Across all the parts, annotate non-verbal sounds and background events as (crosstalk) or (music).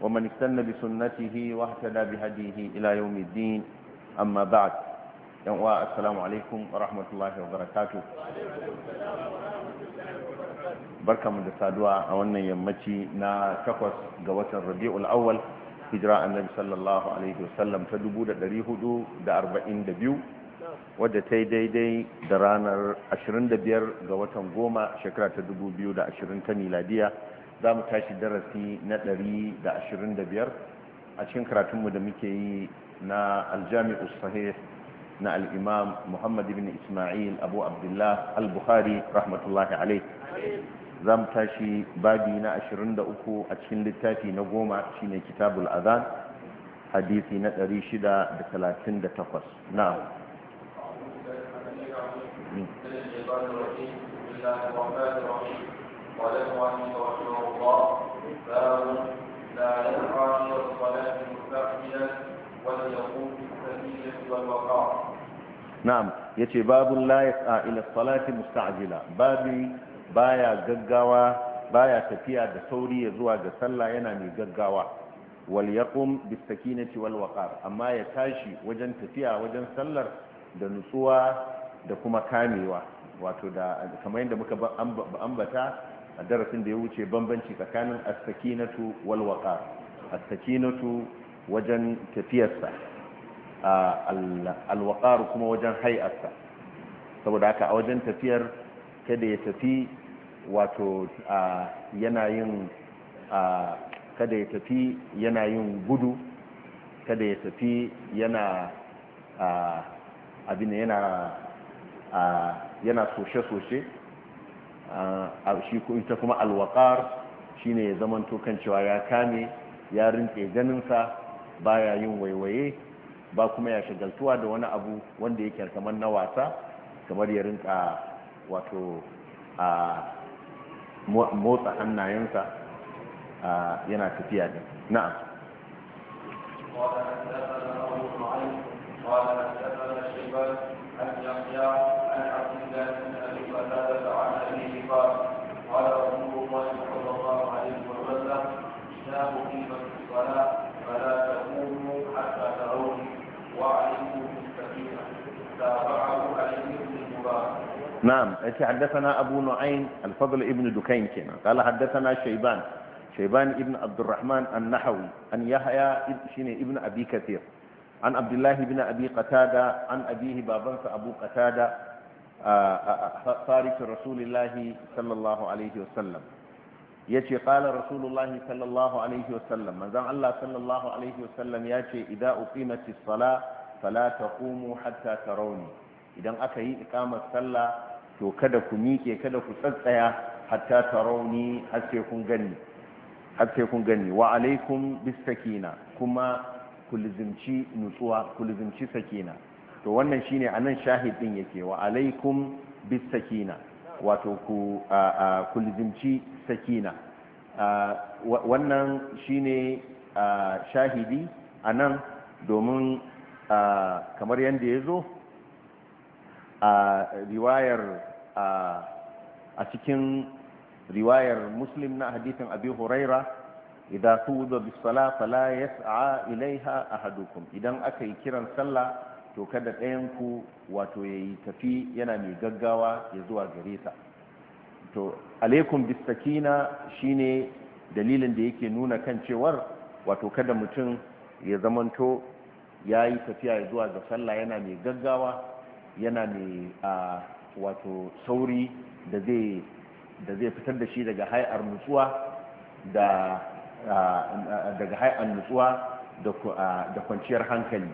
ومن استنى بسنته واهتدى بهديه إلى يوم الدين أما بعد السلام عليكم ورحمة الله وبركاته barka mu da saduwa a wannan yammaci na takwas ga watan rabi'ul awwal hijira annabi sallallahu alaihi wasallam ta 442 wadda ta yi daidai da ranar biyar ga watan goma shekara ta 2020 ta miladiya za mu tashi darasi na 125 a cikin karatunmu da muke yi na aljami'u sahih na al'imam muhammad ibn ismail abu abdullah al-bukhari rahmatullahi alaih za mu tashi babi na 23 a cikin littafi na goma shine kitabul azan hadisi na 638 na'am بسم الله الرحمن الرحيم قال المؤلف باب لا يسعى الى الصلاه مستقبلا وليقوم بالسكينه والوقار نعم yace babun la yas'a ila salati musta'jila babi baya gaggawa baya tafiya da sauri ya zuwa ga sallah yana mai gaggawa wal yaqum na sakinati wal amma ya tashi wajen tafiya wajen sallar da nutsuwa da kuma kamewa wato da kamar yadda muka ambata a darasin da ya wuce bambanci tsakanin astakinatu walwaka astakinatu wajen tafiyarsa a waqar kuma wajen hay'arsa saboda haka a wajen tafiyar kada ya tafi wato yanayin kada ya tafi yanayin gudu kada ya tafi yana abin yana yana soshe-soshe shi ita kuma alwaƙar shi ne ya zamanto kan cewa ya kame ya rinke ganinsa baya yin waiwaye ba kuma ya shagaltuwa da wani abu wanda yake kamar na wasa kamar ya rinka wato a motsa hannayensa yana tafiya da na'am قال نعم أتي حدثنا أبو نعيم الفضل ابن دكين كنا قال حدثنا شيبان شيبان ابن عبد الرحمن النحوي أن يحيى ابن أبي كثير عن عبد الله بن أبي قتادة عن أبيه بابنس أبو قتادة صارف رسول الله صلى الله عليه وسلم يتي قال رسول الله صلى الله عليه وسلم من زم الله صلى الله عليه وسلم يتي إذا أقيمت الصلاة فلا تقوموا حتى تروني idan aka yi ikamar sallah to kada ku miƙe kada ku tsatsaya hatta tarauni har sai kun gani har sai kun gani wa alaikum bisakina kuma ku lizimci nutsuwa ku lizimci sakina to wannan shine anan shahid din yake wa alaikum bisakina wato ku ku lizimci sakina wannan shine shahidi anan domin kamar yadda ya zo a riwayar a cikin riwayar muslim na hadithin abi huraira idan tuwuda bisala fala yas'a ilaiha ahadukum idan aka yi kiran sallah to kada ɗayan ku wato yayi tafi yana mai gaggawa ya zuwa gare ta to alaikum bisakina shine dalilin da yake nuna kan cewar wato kada mutum ya zamanto ya yi tafiya zuwa ga sallah yana mai gaggawa yana a wato sauri da zai fitar da shi daga hai'ar nutsuwa da daga hai'ar nutsuwa da kwanciyar hankali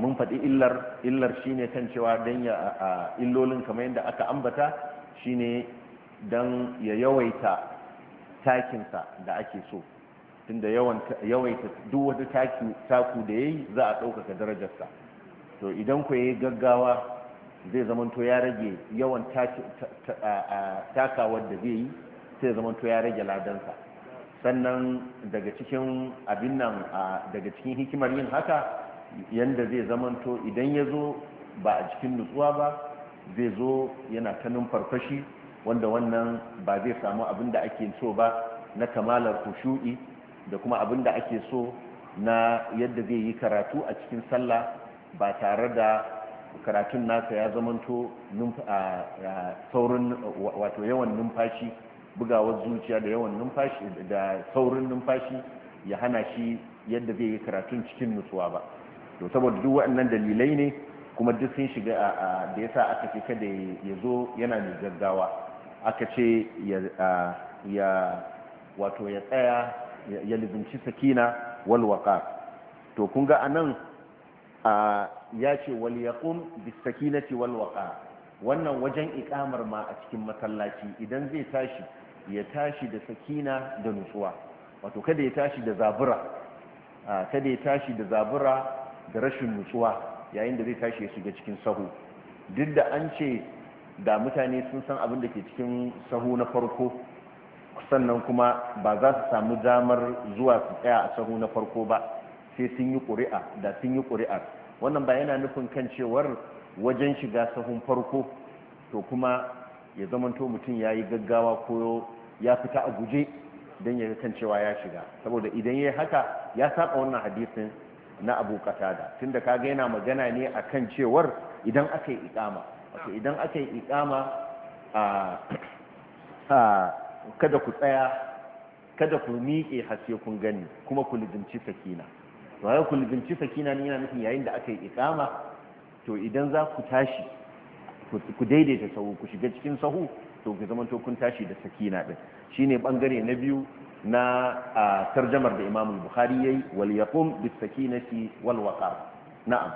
mun faɗi illar illar shine kan cewa don ya illolin kamar yadda aka ambata shine don ya yawaita takinsa da ake so tunda yawaita duk wata taku da ya yi za a ɗaukaka darajarsa to idan ku yi gaggawa zai zamanto ya rage yawan takawar da zai yi sai zamanto ya rage ladansa sannan daga cikin abin nan daga cikin hikimar yin haka yanda zai zamanto idan ya zo ba a cikin nutsuwa ba zai zo yana ta numfarfashi wanda wannan ba zai samu abin da ake so ba na kamalar kushu'i da kuma abin da ake so na yadda zai yi karatu a cikin sallah ba tare da karatun nasa ya zamanto saurin wato yawan numfashi bugawar zuciya da yawan numfashi da saurin numfashi ya hana shi yadda zai yi karatun cikin nutsuwa ba to saboda duk waɗannan dalilai ne kuma duk sun shiga da yasa aka ce kada ya zo yana da gaggawa aka ce ya wato ya tsaya ya lizinci sakina walwaka to kun ga anan ya ce wal yaqum bis sakinati wannan wajen ikamar ma a cikin masallaci idan zai tashi ya tashi da sakina da nutsuwa wato kada ya tashi da zabura kada ya tashi da zabura da rashin nutsuwa yayin da zai tashi ya shiga cikin sahu duk da an ce da mutane sun san abin da ke cikin sahu na farko sannan kuma ba za su samu damar zuwa su tsaya a sahu na farko ba sai sun yi ƙuri'a da sun yi ƙuri'ar wannan ba yana nufin kan cewar wajen shiga sahun farko to kuma ya zamanto mutum ya yi gaggawa ko ya fita a guje don ya kan cewa ya shiga saboda idan ya haka ya saba wannan hadisin na abu katada tunda kaga yana magana ne a kan cewar idan aka yi ikama wato idan aka yi ikama kada ku tsaya kada ku miƙe hasse kun gani kuma ku lidinci sakina Wa ya binci sakina ni yana nufin yayin da aka yi ikama to idan za ku tashi ku daidaita sahu ku shiga cikin sahu to ku zama kun tashi da sakina din shine bangare na biyu na tarjamar da Imam Bukhari yayi wal yaqum bis sakinati wal waqar na'am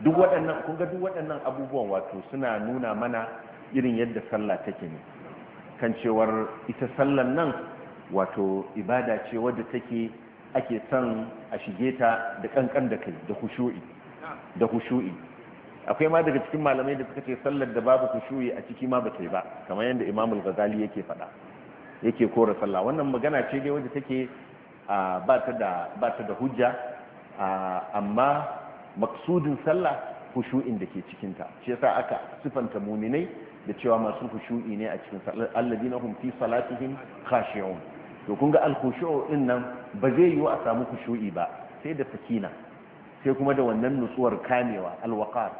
duk waɗannan kun ga duk waɗannan abubuwan wato suna nuna mana irin yadda sallah take ne kan cewar ita sallan nan wato ibada ce wadda take ake son a shige ta da kankan da kai da hushu'i da hushu'i akwai ma daga cikin malamai da suka ce sallar da babu hushu'i a ciki ma ba ta yi ba kamar yadda imam al-ghazali yake faɗa yake kora sallah wannan magana ce dai wanda take ba ta da ba ta da hujja amma maksudin sallah hushu'in da ke cikin ta shi yasa aka sifanta muminai da cewa masu hushu'i ne a cikin sallar alladina hum fi salatihim khashi'un to kun ga alkhushu din nan ba zai yiwu a samu khushu'i ba sai da sakina sai kuma da wannan nutsuwar kamewa alwaqar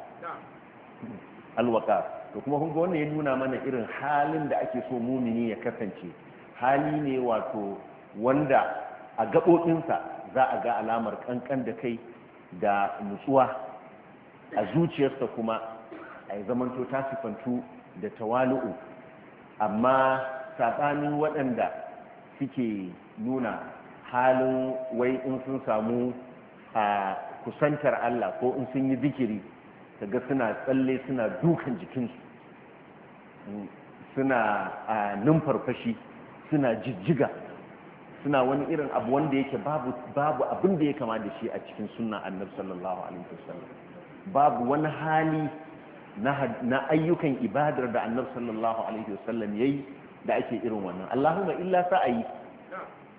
alwaqar to kuma kun ga wannan ya nuna mana irin halin da ake so mumini ya kasance hali ne wato wanda a gaɓoɓinsa za a ga alamar kankan da kai da nutsuwa a zuciyarsa kuma a yi zamanto tasifantu da tawalu'u amma tsatsanin waɗanda suke nuna halin wai in sun samu a kusantar Allah ko in sun yi zikiri ga suna tsalle suna dukan jikinsu suna a numfarfashi suna jijjiga suna wani irin abu wanda yake babu babu abin da ya kama da shi a cikin sunna annabi sallallahu alaihi wasallam babu wani hali na ayyukan ibadar da annabi sallallahu alaihi wasallam yayi da ake irin wannan Allahumma illa sa'ayi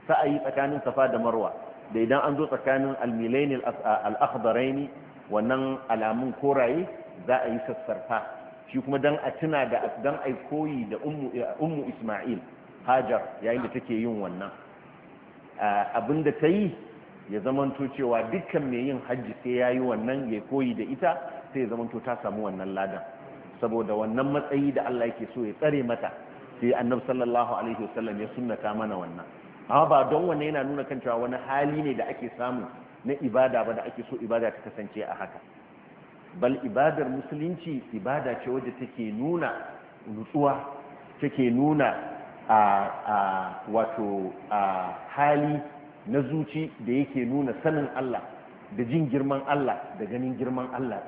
yi tsakanin safa da marwa da idan an zo tsakanin almilaini al'akhbaraini wannan alamun koraye za a yi sassarfa shi kuma dan a tuna da dan ai koyi da ummu isma'il hajar yayin da take yin wannan abinda ta yi ya zamanto cewa dukkan mai yin hajji sai ya yi wannan ya koyi da ita sai ya zamanto ta samu wannan ladan saboda wannan matsayi da Allah yake so ya tsare mata sai annabi sallallahu alaihi wasallam ya sunnata mana wannan amma ba don wannan yana nuna kan cewa wani hali ne da ake samu na ibada ba da ake so ibada ta kasance a haka bal ibadar musulunci ibada ce wadda take nuna nutsuwa take nuna a a wato a hali na zuci da yake nuna sanin Allah da jin girman Allah da ganin girman Allah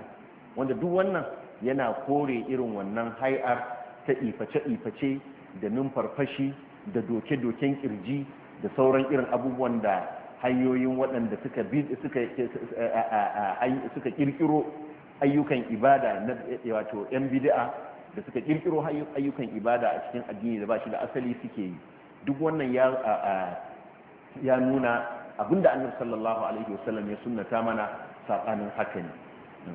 wanda duk wannan yana kore irin wannan hai'ar ta iface-iface da numfarfashi da doke-doken kirji da sauran irin abubuwan da hanyoyin waɗanda suka kirkiro ayyukan ibada na wato yan bid'a da suka kirkiro ayyukan ibada a cikin addini da ba shi da asali suke yi duk wannan ya ya nuna abinda annabi sallallahu alaihi wasallam ya sunnata mana sabanin haka ne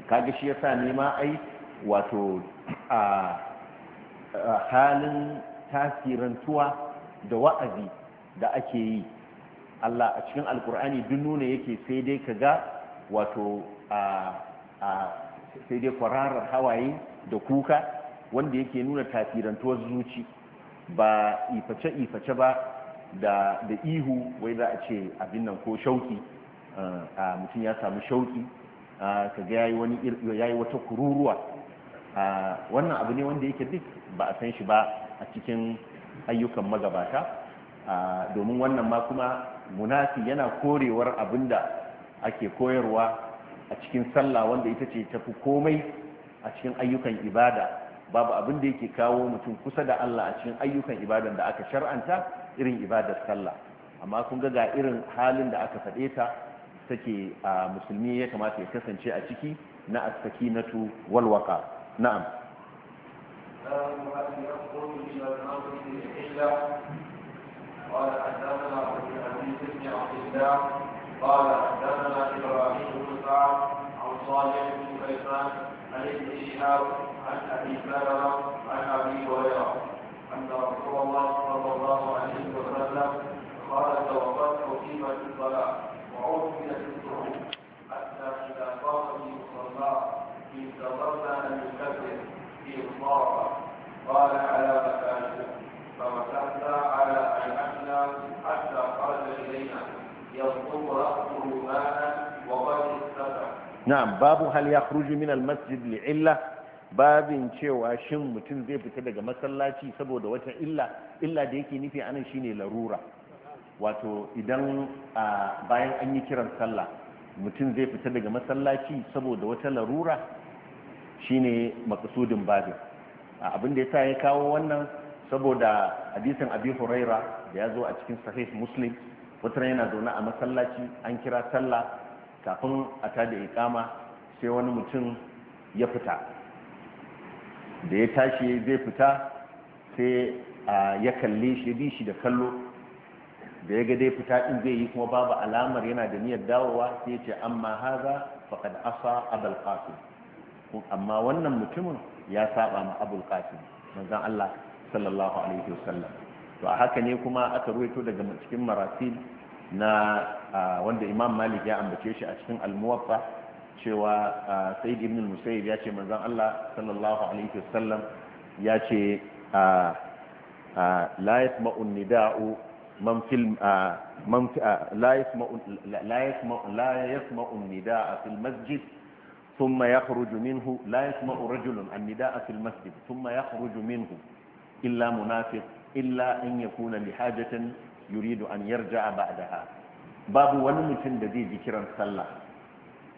kaga shi yasa ne ma ai wato a halin tasirantuwa da wa'azi da ake yi Allah a cikin alkur'ani duk nuna yake sai dai ka ga wato sai dai kwararar hawaye da kuka wanda yake nuna tasirantuwar zuci ba iface-iface ba da ihu wai za a ce abin nan ko shauki a mutum ya samu shauki ka ga yayi wata kururuwa wannan abu ne wanda yake duk ba a san shi ba a cikin ayyukan magabata domin wannan ma kuma munafi yana korewar abinda ake koyarwa a cikin sallah wanda ita ce tafi komai a cikin ayyukan ibada babu abin da yake kawo mutum kusa da Allah a cikin ayyukan ibadan da aka shar'anta irin ibadar sallah amma kun ga irin halin da aka faɗe ta take a musulmi ya kamata ya kasance a ciki na as-sakinatu wal waqa na'am قال حدثنا عبد العزيز بن عبد الله قال حدثنا ابراهيم بن سعد عن صالح بن كيسان عن ابن شهاب عن ابي سلمه عن ابي هريره ان رسول الله صلى الله عليه وسلم قال توفت اقيمت الصلاه وعوفيت الصعود حتى اذا قام في مصلاه انتظرنا ان يكبر في مصارعه قال على يصوم babu ماء وقد استطاع نعم باب هل babin cewa shin mutum zai fita daga masallaci saboda wata illa illa da yake nufi anan shine larura wato idan bayan an yi kiran sallah mutum zai fita daga masallaci saboda wata larura shine makasudin babin abinda ya yasa ya kawo wannan saboda hadisin abi huraira da ya zo a cikin sahih muslim wata yana zaune a masallaci an kira sallah kafin a tada ikama sai wani mutum ya fita da ya tashi zai fita sai ya kalle shi bi shi da kallo da ya ga dai fita in zai yi kuma babu alamar yana da niyyar dawowa sai ya ce amma haza faqad asa abul qasim amma wannan mutumin ya saba ma abul qasim manzon Allah sallallahu alaihi wasallam to a haka ne kuma aka ruwaito daga cikin marasil na wanda imam malik ya ambace shi a cikin almuwaffa cewa sayyid ibn musayyib ya ce manzon Allah sallallahu alaihi wasallam ya ce la yasma'u nida'u man fil man la yasma'u la yasma'u la yasma'u nida'a fil masjid ثم يخرج منه لا يسمع رجل النداء في المسجد ثم يخرج منه إلا منافق illa in ya kuna hajatin yuridu an yarja'a Daha, babu wani mutum da zai ji kiran sallah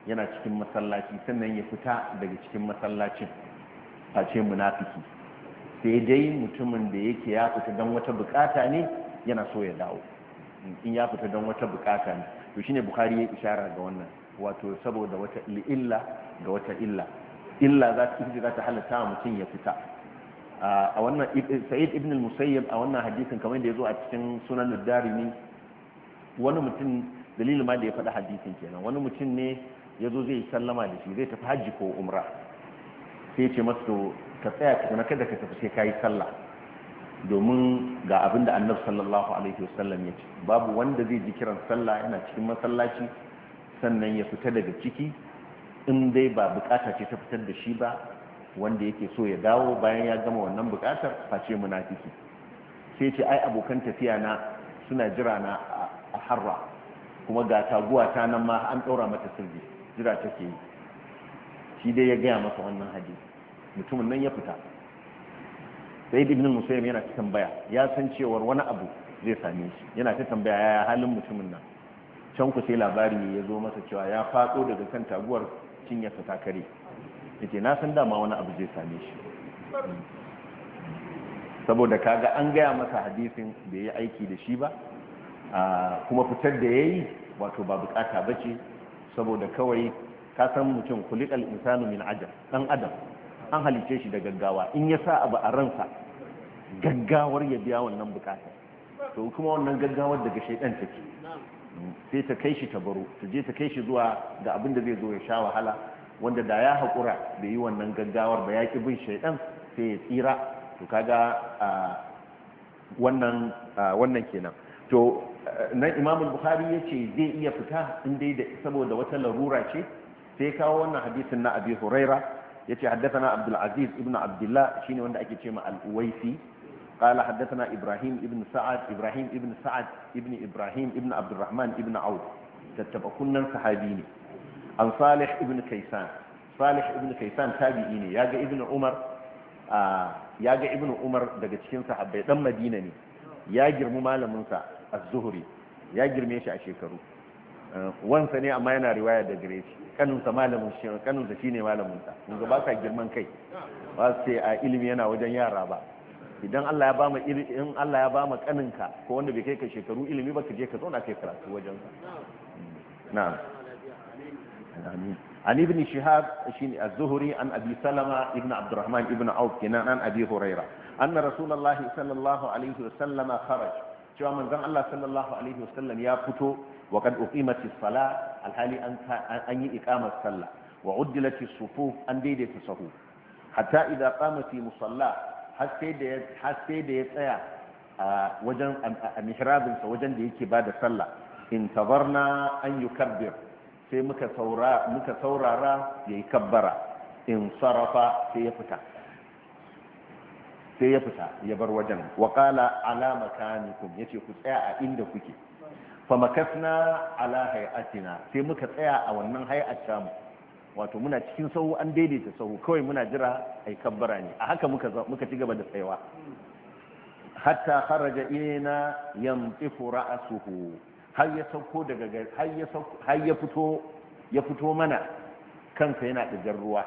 yana cikin masallaci sannan ya fita daga cikin masallacin face munafiki sai dai mutumin da yake ya fita don wata bukata ne yana so ya dawo in ya fita don wata bukata ne to shine bukhari ya ishara ga wannan wato saboda wata illa ga wata illa illa za za ta halatta mutum ya fita a wannan sa'id ibn al a wannan hadisin kamar da ya zo a cikin sunan ad-darimi wani mutum dalilin ma da ya faɗi hadisin kenan wani mutum ne ya zo zai sallama da shi zai tafi hajji ko umra sai ce masu ka tsaya tukuna kada ka tafi sai ka yi sallah domin ga abin da annabi sallallahu alaihi wasallam ya ce babu wanda zai ji kiran sallah yana cikin masallaci sannan ya fita daga ciki in dai ba bukata ce ta fitar da shi ba wanda yake so ya dawo bayan ya gama wannan bukatar face munafiki sai ce ai abokan tafiya na suna jira na a harra kuma ga taguwa ta nan ma an ɗaura mata sirri jira take yi shi dai ya gaya masa wannan hadisi mutumin nan ya fita sai ibn musayyib yana ta tambaya ya san cewar wani abu zai same shi yana ta tambaya yaya halin mutumin nan can ku sai labari ya zo masa cewa ya faɗo daga kan taguwar cinyarsa ta kare yake na san dama wani abu zai same shi saboda kaga an gaya masa hadisin da ya aiki da shi ba kuma fitar da ya yi wato ba bukata ba ce saboda kawai ka san mutum kulikal insanu min ajal dan adam an halice shi da gaggawa in ya sa abu a ransa gaggawar ya biya wannan bukata to kuma wannan gaggawar daga shaidan take sai ta kai shi ta baro ta je ta kai shi zuwa ga abin da zai zo ya sha wahala wanda da ya haƙura da yi wannan gaggawar ba ya ƙi bin shaidan sai ya tsira to kaga wannan wannan kenan to nan imamul Buhari ya ce zai iya fita in dai da saboda wata larura ce sai kawo wannan hadisin na abi huraira ya ce haddathana abdul aziz ibn abdullah shine wanda ake ce ma al'uwaisi uwaisi قال حدثنا Ibrahim ابن سعد Ibrahim Ibn سعد ابن Ibrahim ابن عبد الرحمن ابن عوف تتبقى كنا صحابيني an salih ibn kaisan salih ibn kaisan tabi'i ne ya ga ibn umar ya ga ibn umar daga cikin sahabbai dan madina ne ya girmi malaminsa az-zuhri ya girme shi a shekaru wansa ne amma yana riwaya da gare shi kanunsa malamin shi kanunsa shine malaminsa kun ga ba ka girman kai ba sai a ilimi yana wajen yara ba idan Allah ya bama in Allah ya bama kaninka ko wanda bai kai ka shekaru ilimi ba ka je ka zauna kai karatu wajen sa na'am amin an ibn shihab shine az-zuhri an abi salama ibn abd arrahman ibn auf kenan an abi huraira anna rasulullahi sallallahu alaihi wa wasallam kharaj cewa manzon Allah sallallahu alaihi wa wasallam ya fito wa qad uqimat as-sala alhali an an yi iqamar sallah wa uddilat as-sufuf an daidaita sahu hatta idza qama fi musalla har sai da har da ya tsaya a wajen mihrabinsa wajen da yake bada sallah intabarna an yukabbir sai muka saurara ya yi kabbara in sarrafa sai ya fita sai ya fita ya bar wajen waƙala ala makanikum ya ce ku tsaya a inda kuke famakasna ala hay'atina sai muka tsaya a wannan hay'at mu wato muna cikin sahu an daidaita sahu kawai muna jira ai kabbara ne a haka muka muka ci gaba da tsayawa hatta kharaja ilayna yamtifu ra'suhu har ya sauko daga har ya fito ya fito mana kansa yana digar ruwa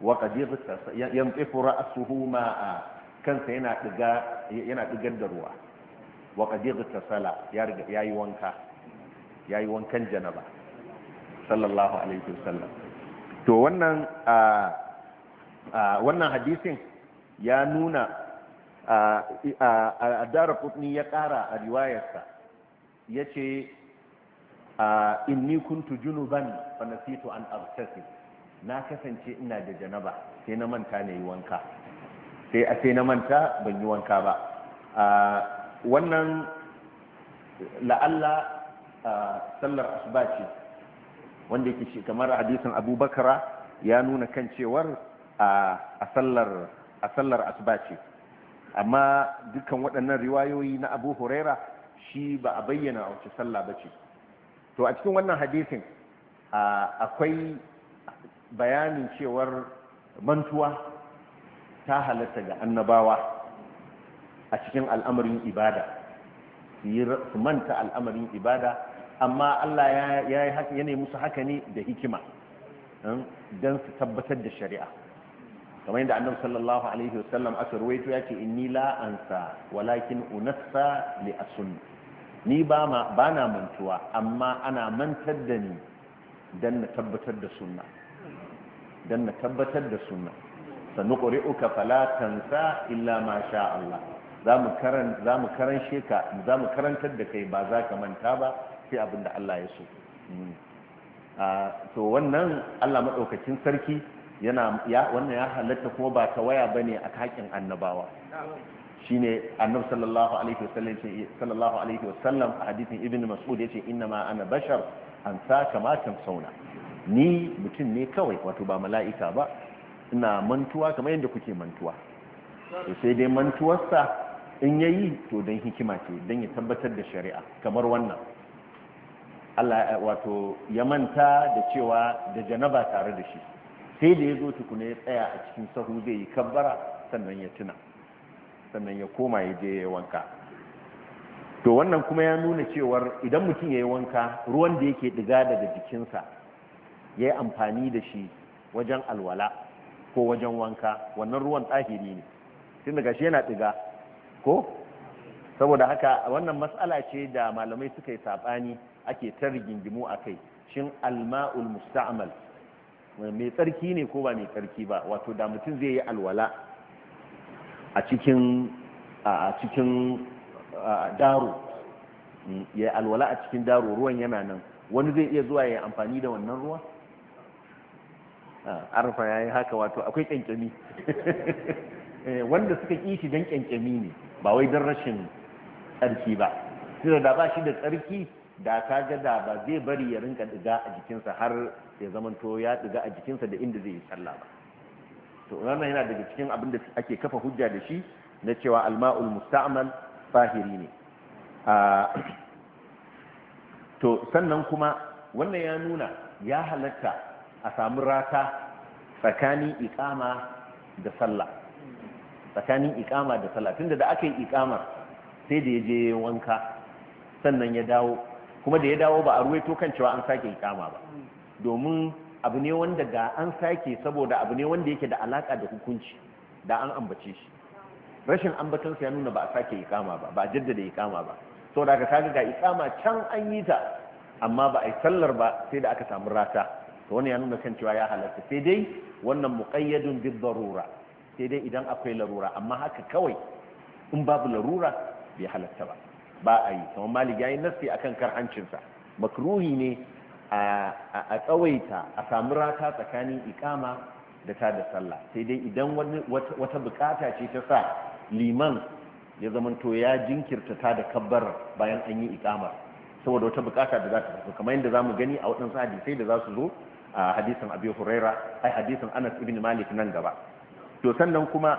wa qadir yanfifu ra'suhu ma'a kansa yana diga yana digar da ruwa wa qadir tasala ya riga yayi wanka yayi wankan janaba sallallahu alaihi wasallam to wannan a wannan hadisin ya nuna a dara kutni ya kara a riwayarsa ya ce inni kuntu junuban fa nasitu an abtasi na kasance ina da janaba sai na manta ne yi wanka sai a sai na manta ban yi wanka ba wannan la'alla sallar asuba ce wanda yake kamar hadisin abubakara ya nuna kan cewar a sallar asuba ce amma dukkan waɗannan riwayoyi na abu huraira shi ba a bayyana a wace sallah ba ce to a cikin wannan hadisin akwai bayanin cewar mantuwa ta halatta ga annabawa a cikin al'amarin ibada su manta al'amarin ibada amma Allah ya yi musu haka ne da hikima hmm, don su tabbatar da shari'a kamar yadda annabi sallallahu alaihi sallam aka ruwaito yake inni la ansa walakin unassa li asun ni ba ma bana mantuwa amma ana mantar da ni dan na tabbatar da sunna dan na tabbatar da sunna sanuqri'uka fala tansa illa ma sha Allah zamu karan zamu karan sheka zamu karantar da kai ba za ka manta ba sai abinda Allah ya so hmm. ah, to wannan Allah madaukakin sarki yana ya wannan ya halatta kuma ba ta waya bane a kakin annabawa shine annabi sallallahu alaihi wasallam sallallahu alaihi wasallam a hadithin ibn mas'ud yace inna ma ana bashar an sa kama sauna ni mutum ne kawai wato ba mala'ika ba ina mantuwa kamar yadda kuke mantuwa to sai dai mantuwarsa in yayi to don hikima ce don ya tabbatar da shari'a kamar wannan Allah wato ya manta da cewa da janaba tare da shi sai da ya zo tukuna ya tsaya a cikin sahu zai yi kabbara sannan ya tuna sannan ya koma ya je ya wanka to wannan kuma ya nuna cewar idan mutum ya yi wanka ruwan da yake diga daga jikinsa ya yi amfani da shi wajen alwala ko wajen wanka wannan ruwan tsahiri ne tun daga shi yana diga ko saboda haka wannan matsala ce da malamai suka yi saɓani ake ta rigingimu a kai shin alma'ul musta'amal. mai tsarki ne ko ba mai tsarki ba wato da mutum zai yi alwala a cikin a cikin daro mm, ya alwala a cikin daro ruwan yana nan wani zai iya zuwa ya amfani da wannan ruwa arfa ya yi haka wato akwai kyankyami (laughs) eh, wanda suka kishi shi don kyankyami ne ba wai don rashin tsarki ba sai da ba shi da tsarki da ka ga da ba zai bari ya rinka diga a jikinsa har ya zamanto ya ɗiga a jikinsa da inda zai yi sallah ba to wannan yana daga cikin abin da ake kafa hujja da shi na cewa alma'ul musta'mal fahiri ne to sannan kuma wannan ya nuna ya halatta a samu rata tsakanin ikama da sallah tsakanin ikama da sallah tunda da aka yi ikamar sai da ya je wanka sannan ya dawo kuma da ya dawo ba a ruwaito kan cewa an sake ikama ba domin abu ne wanda ga an sake saboda abu ne wanda yake da alaka da hukunci da an ambace shi rashin ambatansa ya nuna ba a sake ikama ba ba a jaddada ikama ba sau da aka kaga ga ikama can an yi ta amma ba a yi sallar ba sai da aka samu rata to wani ya nuna kan cewa ya halarta sai dai wannan muƙayyadun bi darura sai dai idan akwai larura amma haka kawai in babu larura bai halarta ba ba a yi kamar malik yayi nasi akan karhancinsa makruhi ne a tsawaita a samu rata tsakanin ikama da ta da sallah sai dai idan wata bukata ce ta sa liman ya zamanto ya jinkirta ta da kabbar bayan an yi ikamar saboda wata bukata da za ta tafi kamar yadda za mu gani a waɗansu hadisai da za su zo a hadisan abu huraira ai hadisan anas ibn malik nan gaba to sannan kuma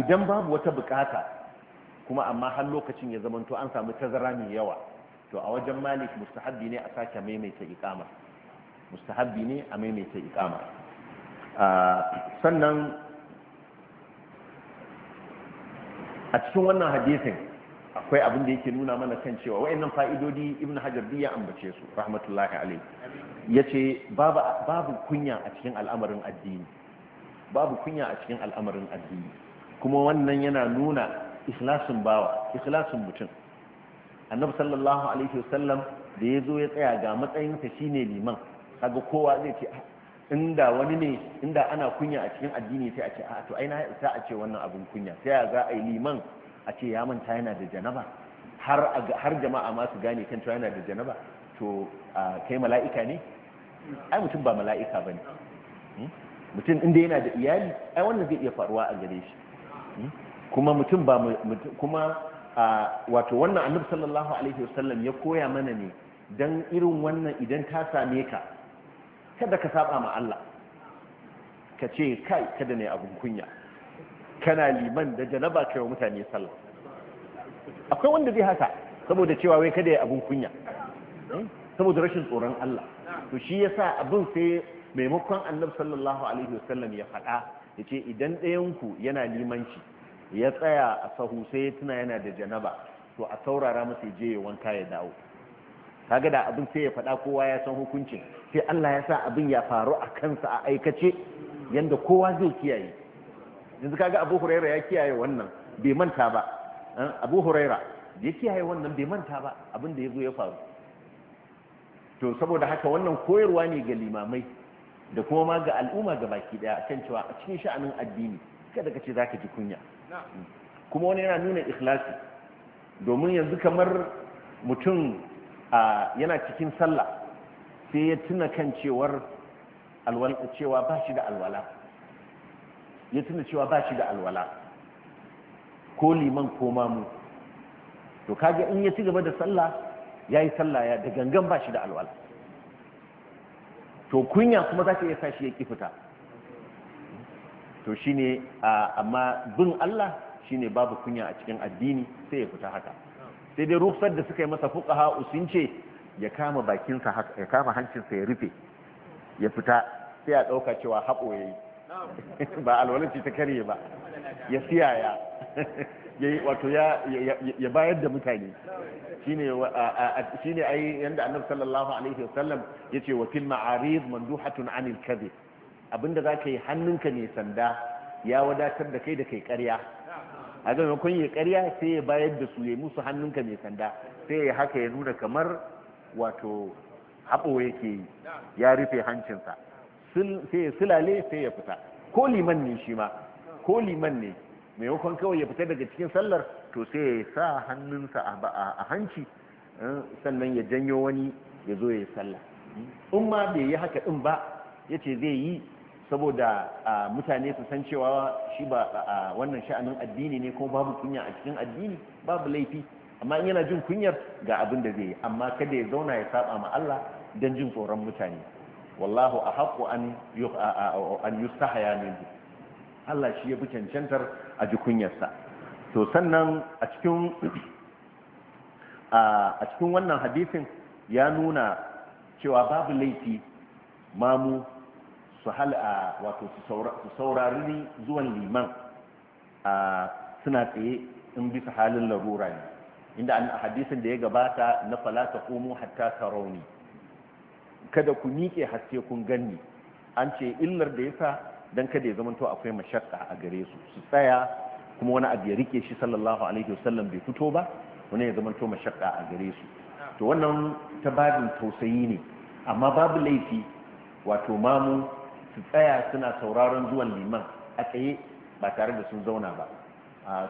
idan babu wata bukata kuma amma har lokacin ya zamanto an samu tazara mai yawa to a wajen malik mustahabbi ne a sake maimaita iqama mustahabbi ne a maimaita iqama sannan a cikin wannan hadisin akwai abin da yake nuna mana kan cewa wayannan fa'idodi ibnu hajar biya ambace su rahmatullahi alaihi yace babu babu kunya a cikin al'amarin addini babu kunya a cikin al'amarin addini kuma wannan yana nuna ikhlasin bawa ikhlasin mutum annabi sallallahu alaihi wasallam da ya zo ya tsaya ga matsayinsa shi ne liman kaga kowa zai ce ah, inda wani ne inda ana kunya a cikin addini sai a ce a ah, to ai na isa a ce wannan abin kunya sai a za a yi liman a ce ya manta yana da janaba har har jama'a ma su gane kan yana da janaba to kai mala'ika ne ai mutum ba mala'ika bane hmm? mutum inda yana da iyali ai wannan zai iya faruwa a gare shi hmm? kuma mutum ba kuma wato wannan annabi sallallahu alaihi wasallam ya koya mana ne dan irin wannan idan ta same ka kada ka saba ma Allah ka ce kai kada ne abun kunya kana liman da janaba kai wa mutane sallah akwai wanda zai haka saboda cewa wai kada ya abun kunya eh? saboda rashin tsoron Allah to shi yasa abin sai maimakon annabi sallallahu alaihi wasallam ya faɗa yace idan ɗayan ku yana limanci ya tsaya a sahu sai ya tuna yana da janaba to a saurara masa je ya wanka ya dawo kaga da abin sai ya faɗa kowa ya san hukuncin sai Allah ya sa abin ya faru a kansa a aikace yanda kowa zai kiyaye yanzu kaga Abu Huraira ya kiyaye wannan bai manta ba Abu Huraira ya kiyaye wannan bai manta ba abin da yazo ya faru to saboda haka wannan koyarwa ne ga limamai da kuma ma ga al'umma ga baki daya kan cewa a cikin sha'anin addini kada ka ce zaka ji kunya kuma wani yana nuna ikhlasi domin yanzu kamar mutum yana cikin sallah sai ya tuna kan cewar cewa ba shi da alwala ya tuna cewa ba shi da alwala ko liman ko mamu to kaga in ya ci gaba da sallah ya yi sallah ya da gangan ba shi da alwala to kunya kuma za ta iya sa shi ya ƙi fita to ne amma bin Allah shine babu kunya a cikin addini sai ya fita haka sai dai ruksar da suka yi masa fuqaha usun ce ya kama bakinsa ya kama hancinsa ya rufe ya fita sai a ɗauka cewa ya yi (laughs) ba alwalanci ta karye ba ya siyaya (laughs) wato ya bayar da mutane shine ai yanda annabi sallallahu alaihi wasallam yace wa fil ma'arid manduhatun anil kadhib abinda za ka yi hannunka mai sanda ya wadatar da kai da kai karya a ga kun yi karya sai ya bayar da su ya musu hannunka mai sanda sai ya haka ya nuna kamar wato haɓo yake yi ya rufe hancinsa sai ya silale sai ya fita ko liman ne shi ma ko liman ne maimakon kawai ya fita daga cikin sallar to sai ya sa hannunsa a hanci eh, sannan ya janyo wani ya zo ya yi sallah in ma bai yi haka ɗin ba ya ce zai yi saboda mutane su san cewa shi ba wannan sha'anin addini ne kuma babu kunya a cikin addini babu laifi amma yana jin kunyar ga abin da zai yi amma kada ya zauna ya saba ma Allah dan jin tsoron mutane wallahu ahaqqu an an yustahaya min Allah shi ya fi cancantar a ji kunyarsa to sannan a cikin a cikin wannan hadisin ya nuna cewa babu laifi mamu su hal'a wato su saurari ne zuwan liman a suna tsaye in bisa halin larura ne inda an hadisin da ya gabata na falata komo hatta rauni. kada ku miƙe haske kun ganni an ce illar da ya sa don kada ya zamanto akwai mashakka a gare su su tsaya kuma wani abu ya rike shi sallallahu alaihi wasallam bai fito ba wani ya zamanto mashakka a gare su to wannan ta babin tausayi ne amma babu laifi wato mamu su tsaya suna sauraron zuwan liman a tsaye ba tare da sun zauna ba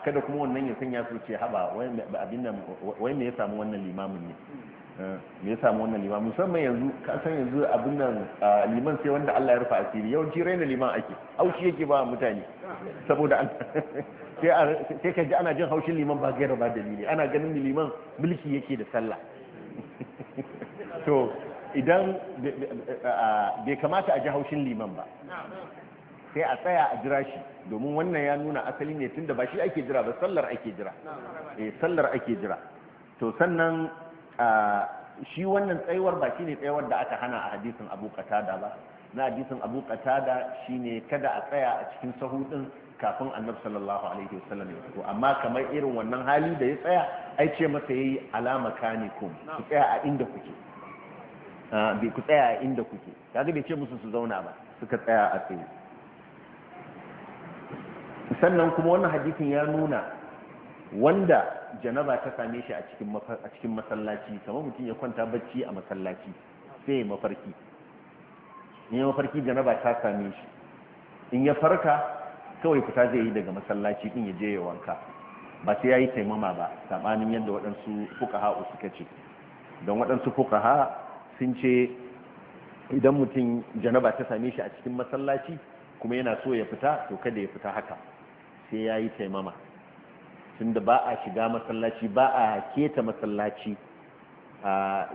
kada kuma wannan ya sanya su ce haba wai me ya samu wannan limamin ne eh, me ya samu wannan limamin musamman yanzu ka san yanzu abin nan liman sai wanda Allah ya rufa asiri yawanci raina liman ake haushi yake ba mutane saboda an (laughs) sai ka ji ana jin haushin liman ba gaira ba dalili ana ganin liman mulki yake da sallah (laughs) to idan bai kamata a ji haushin liman ba sai a tsaya a jira shi domin wannan ya nuna asali ne tun da ba shi ake jira ba sallar ake jira eh sallar ake jira to sannan shi wannan tsayuwar ba shi ne tsayuwar da aka hana a hadisin Abu katada ba na hadisin Abu shi ne kada a tsaya a cikin sahu din kafin annabi sallallahu alaihi wasallam ya fito amma kamar irin wannan hali da ya tsaya ai ce masa yayi alama kanikum ku tsaya a inda kuke Ah, bai ku tsaya inda kuke kaga bai ce musu su zauna ba suka tsaya a tsaye sannan kuma wannan hadisin ya nuna wanda janaba ta same shi a cikin masallaci kamar mutum ya kwanta bacci a masallaci sai ya mafarki in ya mafarki janaba ta same shi in ya farka kawai fita zai yi daga masallaci din ya je ya wanka ba sai ya yi taimama ba sabanin yadda waɗansu fukaha suka ce don waɗansu fukaha sun ce idan mutum janaba ta same shi a cikin masallaci kuma yana so ya fita to kada ya fita haka sai ya yi taimama tunda ba a shiga masallaci ba a keta masallaci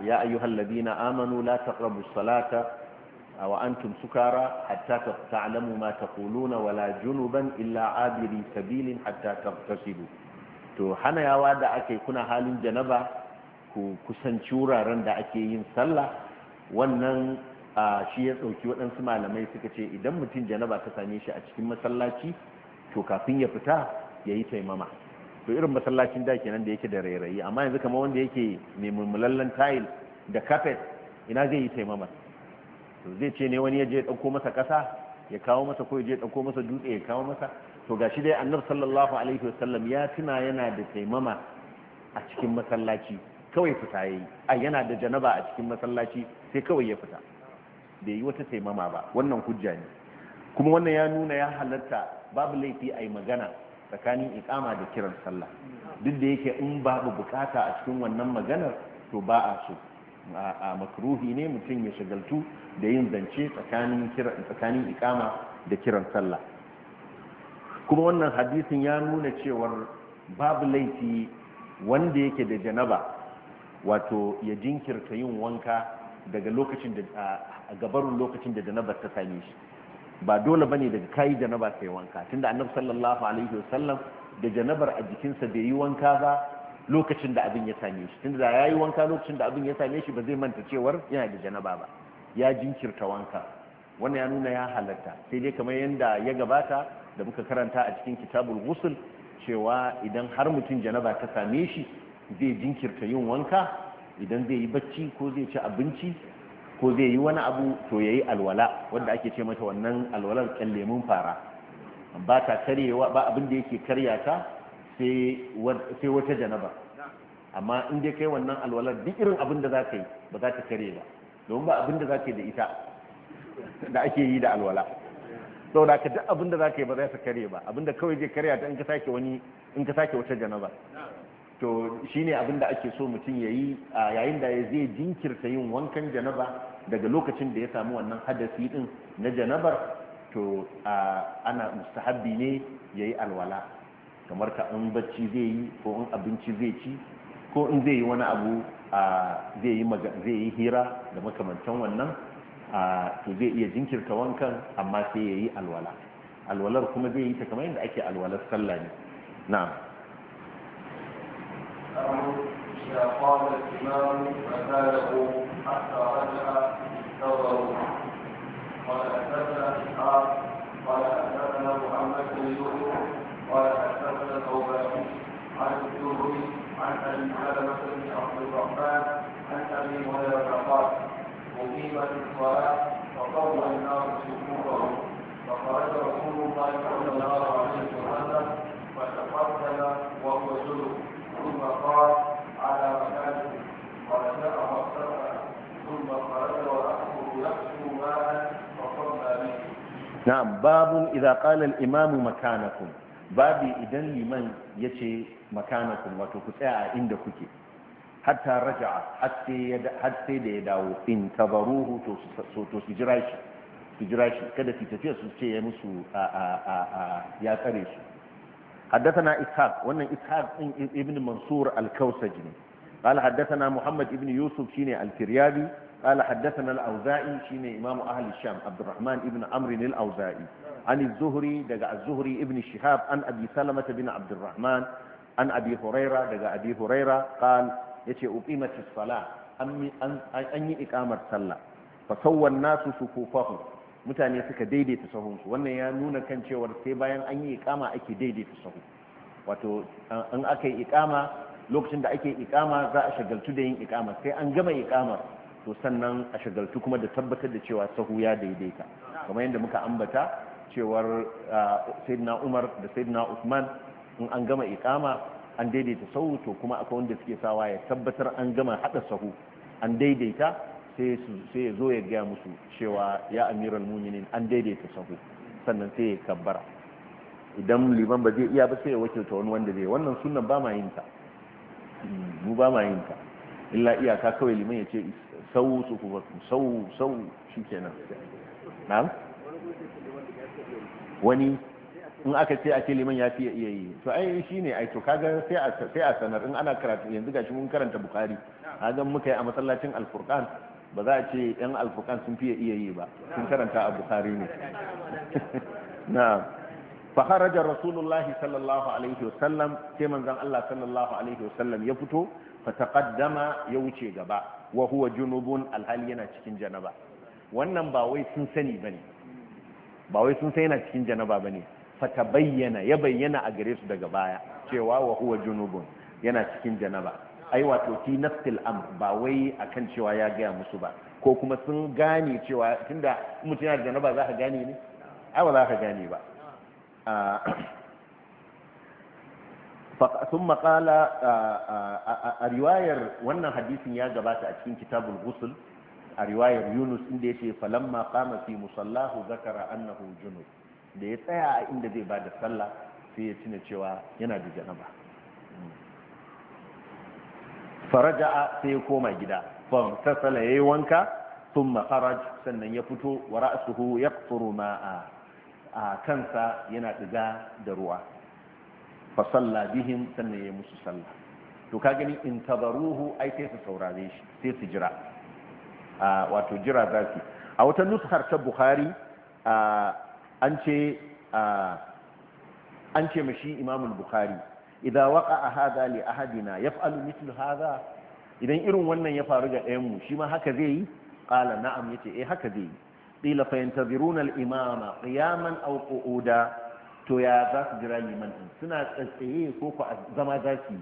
ya hallabi na amanu la rabu salata a wa'antun sukara hatta ta'alamu ma ta na wala junuban illa abiri sabilin hatta taghtasilu to hana yawa da ake kuna halin janaba ku kusanci wuraren da ake yin sallah wannan a shi ya ɗauki waɗansu malamai suka ce idan mutum janaba ta same shi a cikin masallaci to kafin ya fita ya yi taimama to irin masallacin da kenan da yake da rairayi amma yanzu kama wanda yake mai mulmulallen tayil da kafet ina zai yi taimama to zai ce ne wani ya je ɗauko masa ƙasa ya kawo masa ko ya je ɗauko masa dutse ya kawo masa to gashi dai annabi sallallahu alaihi wasallam ya tuna yana da taimama a cikin masallaci kawai fita yayi a yana da janaba a cikin masallaci sai kawai ya fita bai yi wata taimama ba wannan hujja ne kuma wannan ya nuna ya halatta babu laifi a yi magana tsakanin ikama da kiran sallah duk da yake in babu bukata a cikin wannan maganar to ba a so a makruhi ne mutum ya shagaltu da yin zance tsakanin ikama da kiran sallah kuma wannan hadisin ya nuna cewar babu laifi wanda yake da janaba wato ya jinkirta yin wanka daga lokacin da a gabarun lokacin da janabar ta same shi ba dole bane daga kai janaba yi wanka tunda annabi sallallahu alaihi wasallam da janabar a jikinsa bai yi wanka ba lokacin da abin ya same shi tunda da yi wanka lokacin da abin ya same shi ba zai manta cewar yana da janaba ba ya jinkirta wanka wannan ya nuna ya halatta sai dai kamar yadda ya gabata da muka karanta a cikin kitabul gusul cewa idan har mutum janaba ta same shi zai jinkirta yin wanka idan zai yi bacci ko zai ci abinci ko zai yi wani abu to ya yi alwala wanda ake ce mata wannan alwalar kyallemin fara ba ta karyewa ba abin da yake karya ta sai wata janaba amma in dai kai wannan alwalar duk irin abin da za ka yi ba za ta karye ba domin ba abin da za ka yi da ita da ake yi da alwala sau da ka duk abin da za ka yi ba za ta karye ba abin da kawai zai karya ta in ka sake wani in ka sake wata janaba to shi abin da ake so mutum ya yi a yayin da ya zai jinkirta yin wankan janaba daga lokacin da ya samu wannan hadasi din na janabar to ana mustahabbi ne ya yi alwala kamar ka in bacci zai yi ko in abinci zai ci ko in zai yi wani abu zai yi hira da makamantan wannan to zai iya jinkirta wankan amma sai ya yi alwala alwalar kuma zai yi ta kamar yadda ake alwalar sallah ne na'am أنه إذا قام الإمام فزاله حتى رجع نظره قال حدثنا إسحاق قال حدثنا محمد بن يوسف قال حدثنا الأوباكي بن عبد الرحمن عن أبي هريرة أقيمت الصلاة فطوى الناس صفوفهم فخرج رسول الله صلى الله عليه وسلم فتقدم وهو جلوس ثم قال على مكانه قال جاء مصدر ثم خرج واخذ نفسه مالا فصلى به نعم باب اذا قال الامام مكانكم باب اذن لمن يتي مكانكم وتكتئ عند كتي حتى رجع حتى يد حتى يداو انتظروه تو تجراش تجراش كده في تفيه سوتي يمسو ا ا ا ا يا تريش حدثنا إسحاق وأن إسحاق ابن منصور الكوسجي قال حدثنا محمد ابن يوسف شيني الكريابي قال حدثنا الأوزائي شيني إمام أهل الشام عبد الرحمن ابن عمرو الأوزائي عن الزهري دقى الزهري ابن الشهاب عن أبي سلمة بن عبد الرحمن عن أبي هريرة دقى أبي هريرة قال يتي أقيمت الصلاة أني إقامة صلاة فسوى الناس صفوفهم mutane suka daidaita sahunsu wannan ya nuna kan cewar sai bayan an yi ikama ake daidaita sahu wato in aka yi ikama lokacin da ake ikama za a shagaltu da yin ikama sai an gama ikama to sannan a shagaltu kuma da tabbatar da cewa sahu ya daidaita kamar yadda muka ambata cewar sayyidina umar da sayyidina usman in an gama ikama an daidaita sahu to kuma akwai wanda suke sawa ya tabbatar an gama hada sahu an daidaita sai ya zo ya gaya musu cewa ya amiral muminin an daidaita sahu sannan sai ya kabbara idan liman ba zai iya ba sai ya wakilta wani wanda zai wannan sunan ba ma yin ta mu ba ma yin ta illa iyaka kawai liman ya ce sau su kuma sau sau shi kenan na'am wani in aka ce ake liman ya fiye iya yi to ai shi ne ai to kaga sai a sanar in ana karatu yanzu gashi mun karanta bukari hagan muka yi a masallacin alfurkan ba za a ce yan alfukan sun fiye iya yi ba sun karanta a bukari ne (laughs) na faharajar rasulullah sallallahu alaihi wasallam ke manzan allah sallallahu alaihi wasallam ya fito fataqaddama ya wuce gaba wa huwa junubun alhali yana cikin janaba wannan ba wai sun sani bane ba wai sun sani yana cikin janaba bane fata bayyana ya bayyana a gare su daga baya cewa wa huwa junubun yana cikin janaba ai wato fi naftil am ba wai akan cewa ya gaya musu ba ko kuma sun gane cewa tunda mutum yana da janaba za ka gane ne ai ba za ka gane ba sun ah, makala ah, ah, a riwayar wannan hadisin ya gabata a cikin kitabul gusul a riwayar yunus inda ya ce falamma kama fi musallahu zakara annahu junub da ya tsaya a inda zai bada sallah sai ya cina cewa yana da janaba hmm. faraja sai ya koma gida fam tasala yayi wanka thumma kharaj sannan ya fito wa ra'suhu yaqturu ma'a a kansa yana diga da ruwa fa salla bihim sannan yayi musu sallah to ka gani in tabaruhu ai sai su saurare shi sai su jira a wato jira zaki a wata nuskar ta bukhari an ce an ce mashi imamul bukhari idza waqa'a a li ya fi mithlu hadha idan irin wannan ya faru ga ɗayan mu shi ma haka zai yi Ƙala na'am yace eh haka zai yi qila fa yantaziruna imama qiyaman aw to ya za su jira liman ɗin? suna tsatsaye ko ku zama zaki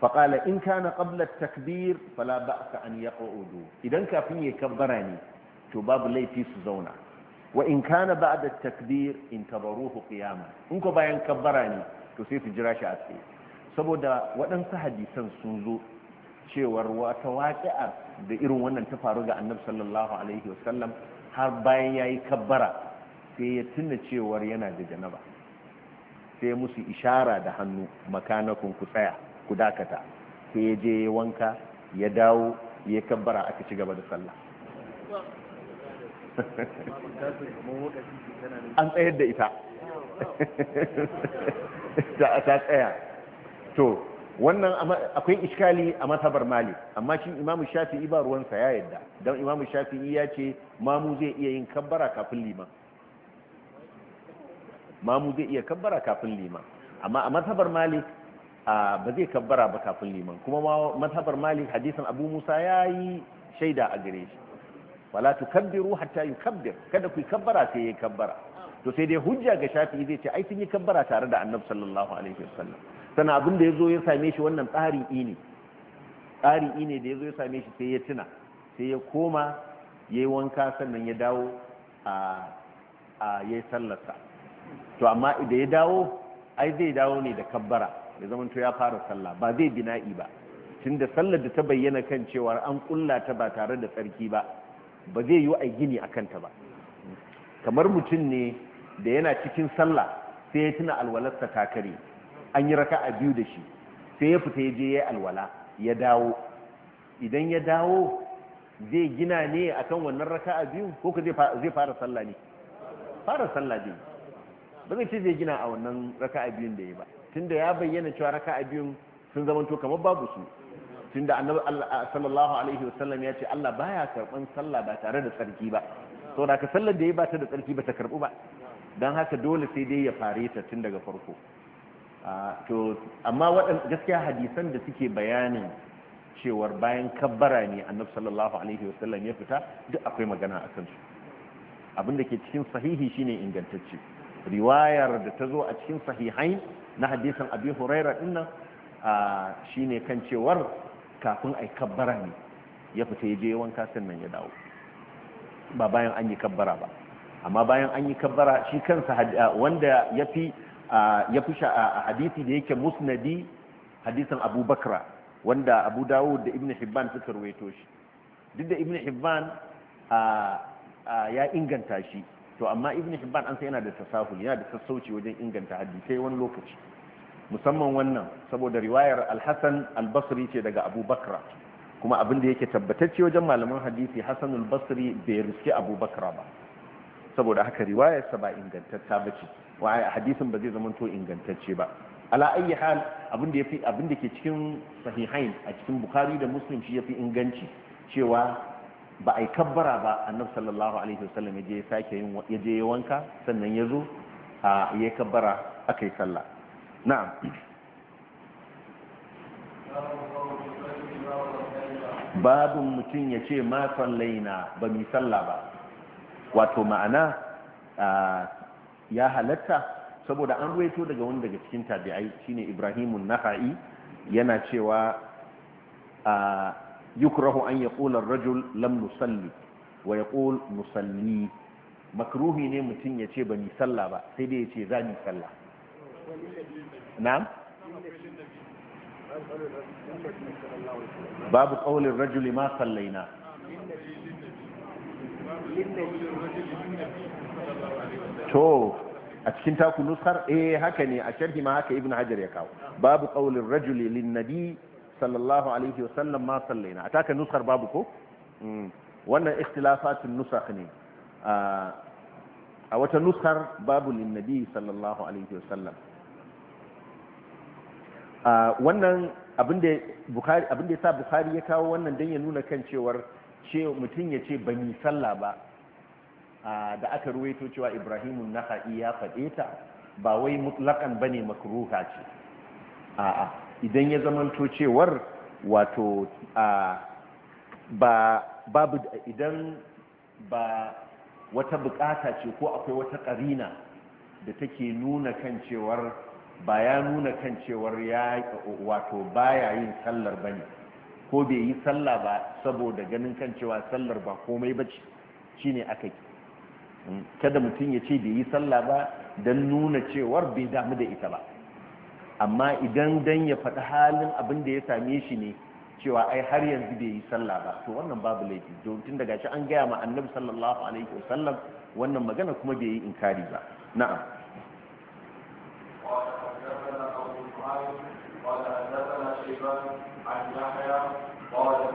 fa qala in kana qabla takbir fala ba'sa an yaqudu idan kafin ya kabbara ne to babu laifi su zauna wa in kana ba'da da takbir intabaruhu qiyaman in ko bayan kabbara ne to sai su jira shi a tsaye saboda waɗansu hadisan sun zo cewar wata waƙi'a da irin wannan ta faru ga annabi sallallahu alaihi wasallam har bayan ya yi kabbara sai ya tuna cewar yana da janaba sai musu ishara da hannu makanakun ku tsaya ku dakata sai ya je ya wanka ya dawo ya kabbara aka ci gaba da sallah (laughs) an tsayar da ita ta tsaya to wannan akwai iskali a matabar mali amma shi imamu shafi'i ba ruwansa ya yadda don imamu shafi'i ya ce mamu zai iya yin kabbara kafin liman mamu zai iya kabbara kafin liman amma a matabar mali ba zai kabbara ba kafin liman kuma matabar mali hadisan abu musa ya yi shaida a gare shi wala tukabbiru hatta yukabbir kada ku kabbara sai ya kabbara to sai dai hujja ga shafi zai ce ai sun yi kabbara tare da annabi sallallahu alaihi wasallam sana abin da ya zo ya same shi wannan tsari ne tsari ne da ya ya same shi sai ya tuna sai ya koma ya wanka sannan ya dawo a ya sallarsa to amma da ya dawo ai zai dawo ne da kabbara ya zamanto ya fara sallah ba zai bina'i ba tun da sallar da ta bayyana kan cewa an kulla ta ba tare da tsarki ba ba zai yi a gini a kanta ba kamar mutum ne da yana cikin sallah sai ya tuna alwalarsa ta kare an yi raka'a biyu da shi sai ya fita ya je ya alwala ya dawo idan ya dawo zai gina ne akan wannan raka'a biyu ko ka zai fara sallah ne fara sallah dai ba zai ce zai gina a wannan raka'a biyun da ya ba tunda ya bayyana cewa raka'a biyun sun to kamar babu su tunda annabi sallallahu alaihi wasallam ya ce Allah baya karban sallah ba tare da tsarki ba saboda ka sallar da ya ba ta da tsarki ba ta karbu ba don haka dole sai dai ya fare ta tun daga farko to amma waɗanda gaskiya hadisan da suke bayanin cewar bayan kabbara ne annabi sallallahu alaihi wasallam ya fita duk akwai magana a kansu su abinda ke cikin sahihi shine ingantacce riwayar da ta zo a cikin sahihain na hadisan abi huraira dinnan shine kan cewar kafin ai kabbara ne ya fita ya je wanka sannan ya dawo ba bayan an yi kabbara ba amma bayan an yi kabbara shi kansa ah, wanda ya fi ah, ya fi ah, hadisi da yake musnadi hadisin abu bakra wanda abu dawud da ibn hibban suka ruwaito shi duk da ibn hibban ya inganta shi to amma ibn hibban an sai yana da tasahul yana da sassauci wajen inganta hadisai wani lokaci musamman wannan saboda riwayar al-hasan al-basri ce daga abu bakra kuma abin da yake tabbatacce wajen malaman hadisi hasan al-basri bai riske abu bakra ba saboda haka riwayarsa ba ingantacce ba ce wa hadisin ba zai zama to ingantacce ba ala ayi hal abin da yafi abin da ke cikin sahihain a cikin bukhari da muslim shi yafi inganci cewa ba ai kabbara ba annabi sallallahu alaihi wasallam ya je ya sake yin ya je ya wanka sannan ya zo a ya kabbara akai sallah na'am babun mutum ya ce ma sallaina ba mi sallah ba wato ma'ana ya halatta saboda an ruwaito daga wani daga cikin tabi'ai shine ibrahimun naha'i yana cewa yukrahu an yaqula ar-rajul lam nusalli wa yaqul musalli makruhi ne mutum ya ce ba ni salla ba sai dai ya ce za ni salla. na'am babu ƙaulin rajuli ma sallaina to a cikin taku nuskar eh haka ne a sharhi ma haka ibn hajar ya kawo babu qaulin rajuli lin nabi sallallahu alaihi wa sallam ma sallaina a taka nuskar babu ko mm. wannan ikhtilafatun nusakh ne a wata nuskar babu lin nabi sallallahu alaihi wa sallam wannan abin abinda bukhari abin abinda sa bukhari ya kawo wannan dan ya nuna kan cewar ce mutum ya ce ban yi sallah ba da aka ruwaito cewa ibrahimun naha'i ya faɗe ta ba wai mutlakan ba ne makaruka ce a'a idan ya zamanto cewar wato ba babu idan ba wata bukata ce ko akwai wata ƙarina da take nuna kan cewar ba ya nuna kan cewar ya wato baya yin sallar bane ko bai yi sallah ba saboda ganin kan cewa sallar ba komai ba ce shi ne aka yi hmm, kada mutum ya ce bai yi sallah ba don nuna cewar bai damu da ita ba amma idan dan ya faɗi halin abin da ya same shi ne cewa ai har yanzu bai yi sallah ba to wannan babu laifi tun daga shi an gaya ma annabi sallallahu alaihi wasallam wannan magana kuma bai yi inkari ba na'am سليمان عن يحيى قال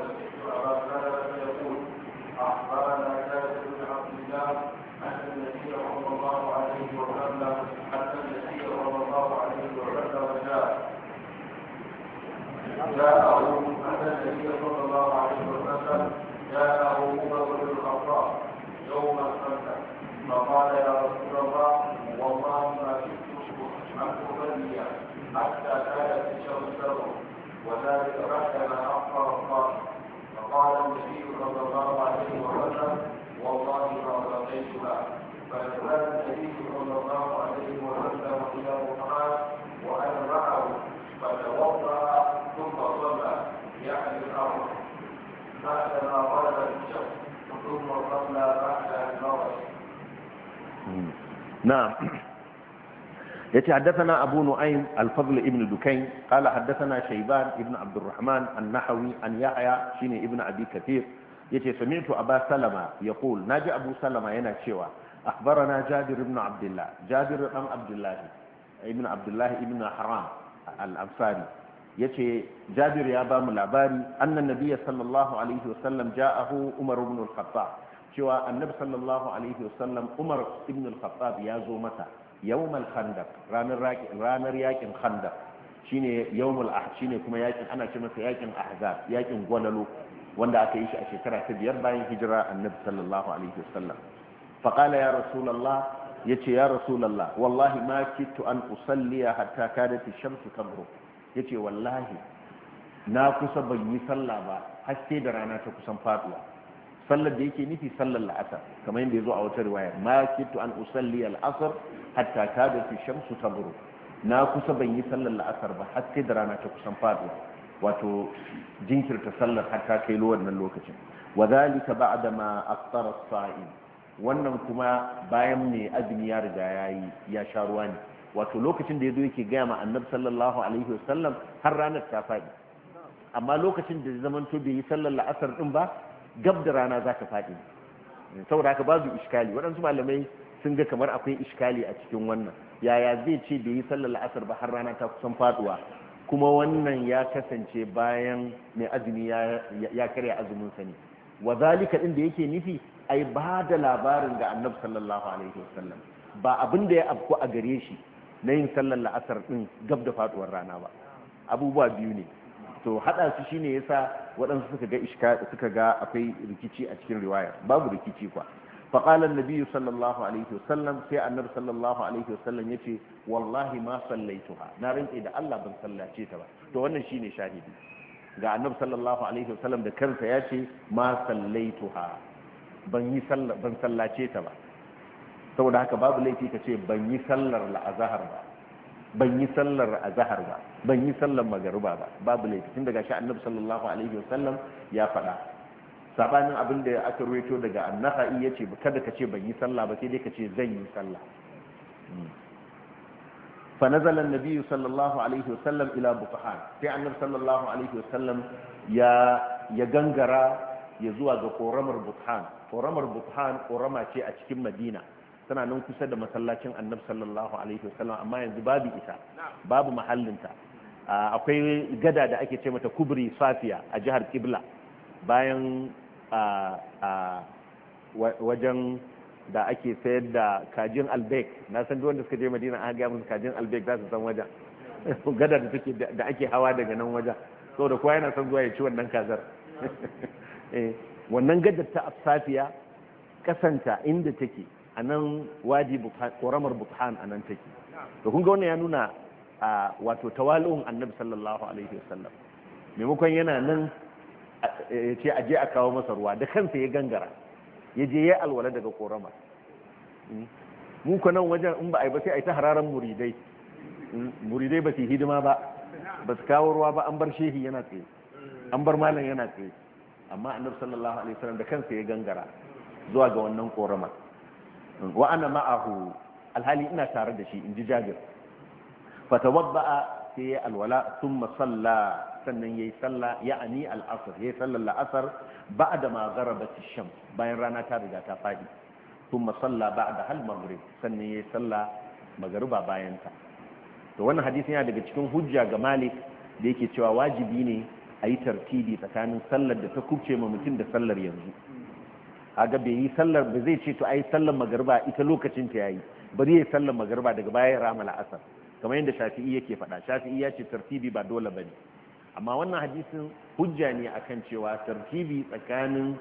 نعم يتي حدثنا أبو نعيم الفضل ابن دكين قال حدثنا شيبان ابن عبد الرحمن النحوي أن يحيى شيني ابن أبي كثير يتي سمعت أبا سلمة يقول ناجي أبو سلمة ينا شوى أخبرنا جابر بن عبد الله جابر بن عبد الله ابن عبد الله ابن حرام الأنصاري يتي جابر يا بام العباري أن النبي صلى الله عليه وسلم جاءه عمر بن الخطاب cewa annabi sallallahu alaihi wasallam umar ibn al-khattab ya zo mata yawmal khandaq ranar ranar yakin khandaq shine yawmul shine kuma yakin ana ce masa yakin ahzab yakin gwalalo wanda aka yi shi a shekara ta biyar bayan hijira annabi sallallahu alaihi wasallam fa qala ya rasulullah yace ya rasulullah wallahi ma kittu an usalliya hatta kadat ash-shamsu tabru yace wallahi na kusa ban yi sallah ba haske da rana ta kusan faduwa sallar da yake nufi sallar la'asar kamar yadda ya zo a wata riwaya ma kitu an usalli al'asar hatta ta da fi shamsu ta buru na kusa ban yi sallar la'asar ba har sai da rana ta kusan faduwa wato jinkirta sallar har ta kai wannan lokacin wa zalika ba'da ma aftara sa'im wannan kuma bayan ne azumi ya riga yayi ya sha ruwa ne wato lokacin da yazo yake gaya ma annabi sallallahu alaihi wasallam har ranar ta faɗi amma lokacin da zaman to bai yi sallar la'asar din ba gab da rana za ka faɗi saboda haka babu iskali waɗansu malamai sun ga kamar akwai iskali a cikin wannan yaya zai ce da yi sallar la'asar ba har rana ta kusan faɗuwa kuma wannan ya kasance bayan mai azumi ya karya azumin sani wa zalika din da yake nufi ai ba da labarin ga annabi sallallahu alaihi wasallam ba abin da ya afku a gare shi na yin sallar la'asar din gab da faɗuwar rana ba abubuwa biyu ne to hada su shine yasa waɗansu suka ga ishka suka ga akwai rikici a cikin riwaya babu rikici kwa fa qala an-nabi sallallahu alaihi wasallam sai annabi sallallahu alaihi wasallam yace wallahi ma sallaituha na rinke da Allah ban sallace ta ba to wannan shine shahidi ga annabi sallallahu alaihi wasallam da kansa yace ma sallaituha ban yi ban sallace ta ba saboda haka babu laifi kace ban yi sallar la'azhar ba ban yi sallar azahar ba ban yi sallar magaruba ba babu laifi daga shi annabi sallallahu alaihi sallam ya faɗa sabanin abin da aka rawaito daga annaha iya ce kada ka ce ban yi sallah ba sai dai ka ce zan yi sallah hmm. fa nazala annabiyyu sallallahu alaihi sallam ila bukhan sai annabi sallallahu alaihi wasallam ya ya gangara ya zuwa ga koramar bukhan koramar bukhan korama ce a cikin madina tana nan kusa da masallacin annab sallallahu alaihi wasallam amma yanzu babu ita babu mahallinta akwai gada da ake ce mata kubri safiya a jihar kibla bayan wajen da ake sayar da kajin albek na san duk wanda suka je madina an ga musu kajin albek za su san wajen (laughs) gada da take da ake hawa daga nan wajen saboda kowa yana son zuwa ya ci wannan kazar (laughs) eh, wannan gadar ta safiya kasanta inda take a nan wadi ƙoramar buthan a nan take to kun ga wannan ya nuna a wato tawali'un annabi sallallahu alaihi wasallam maimakon yana nan ya ce aje a kawo masa ruwa da kansa ya gangara ya je ya alwala daga ƙoramar hmm? mu ko nan wajen in ba a yi ba sai a yi ta hararan muridai hmm? muridai ba su hidima ba ba su kawo ruwa ba an bar shehi yana tsaye an bar malam yana tsaye amma annabi sallallahu alaihi wasallam da kansa ya gangara zuwa ga wannan ƙoramar. wa ana ma'ahu alhali ina tare da shi in ji jabir fatawabba'a sai ya alwala sun masalla sannan yayi salla ya'ani al'asar ya yayi sallar la'asar ba'da da gharabat ash bayan rana ta riga ta fadi thumma salla ba'da al-maghrib sannan yayi salla magariba bayan ta to wannan hadisi yana daga cikin hujja ga Malik da yake cewa wajibi ne a yi tartibi tsakanin sallar da ta kubce ma mutum da sallar yanzu kaga bai yi sallar ba zai ce to ai sallar magariba ita lokacin ta yayi bari yayi sallar magarba daga baya rama asar kamar yadda shafi'i yake faɗa shafi'i ya ce tartibi ba dole bane amma wannan hadisin hujja ne akan cewa tartibi tsakanin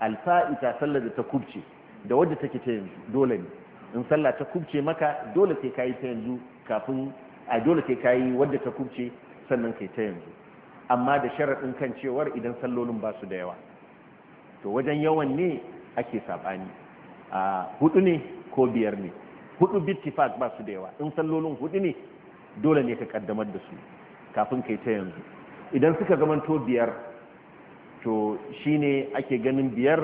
alfa'ita sallar da ta kubce da wadda take ta yanzu dole ne in sallah ta kubce maka dole sai kayi ta yanzu kafin a dole sai kayi wadda ta kubce sannan kai ta yanzu amma da sharaɗin kan cewar idan sallolin ba su da yawa to wajen yawan ne ake saɓani a hudu ne ko biyar ne hudu bittifak ba su da yawa in sallolin hudu ne dole ne ka kaddamar da su kafin kai ta yanzu idan suka zamanto biyar to shine ake ganin biyar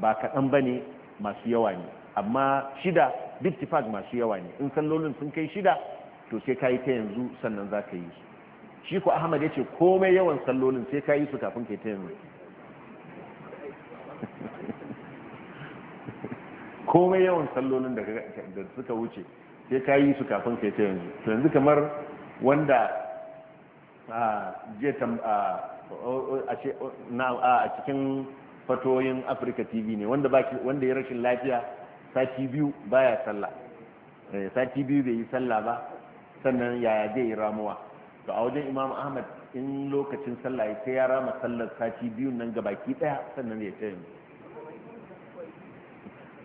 ba kaɗan ba ne masu yawa ne amma shida bittifak masu yawa ne in sallolin sun kai shida to sai ka yi ta yanzu sannan za ka yi su shi ko ahmad ya ce komai yawan sallolin sai ka yi su kafin kai ta yanzu komai yawan sallolin da suka wuce sai ka yi su kafin kai ta yanzu to yanzu kamar wanda a cikin fatoyin afirka tv ne wanda ya rashin lafiya sati biyu baya sallah eh, sati biyu bai yi sallah ba sannan yaya zai yi ramuwa to a wajen imam ahmad in lokacin sallah ya sai ya rama sallar sati biyun nan baki daya sannan ya ce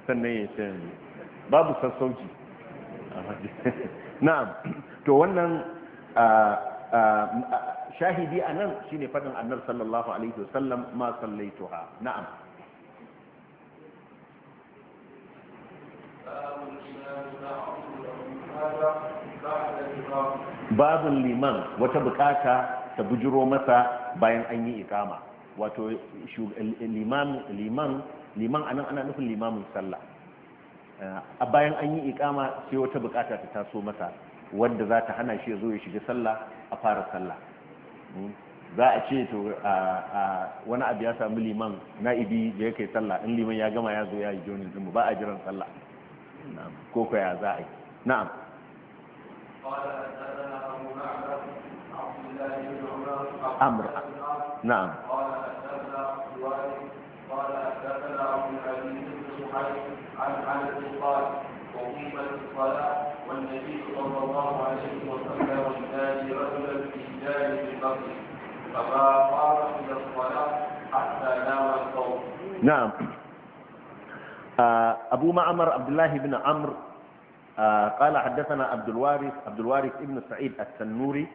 sannan ya ce babu sassauci na'am to wannan shahidi a nan shi ne faɗin annar sallallahu alaihi wasallam ma ha na'am babin liman wata bukata ta bujiro masa bayan an yi ikama wato liman a nan ana nufin limamin sallah eh, a bayan an yi ikama sai wata bukata ta taso masa wanda za ta hana shi zo ya shiga sallah a fara sallah hmm? za a ce to wani abu ya samu liman na'ibi da ya kai sallah in liman ya gama ya zo ya yi jonin dinmu ba a jiran sallah ko ko ya za a yi na'am أمر نعم قال حدثنا عبد بن عن قال اقيمت الصلاه والنبي صلى الله عليه وسلم رجلا في جانب فما قام الصلاه حتى نام القوم. نعم. آه، أبو معمر عبد الله بن عمرو آه، قال حدثنا عبد الوارث عبد الوارث ابن سعيد التنوري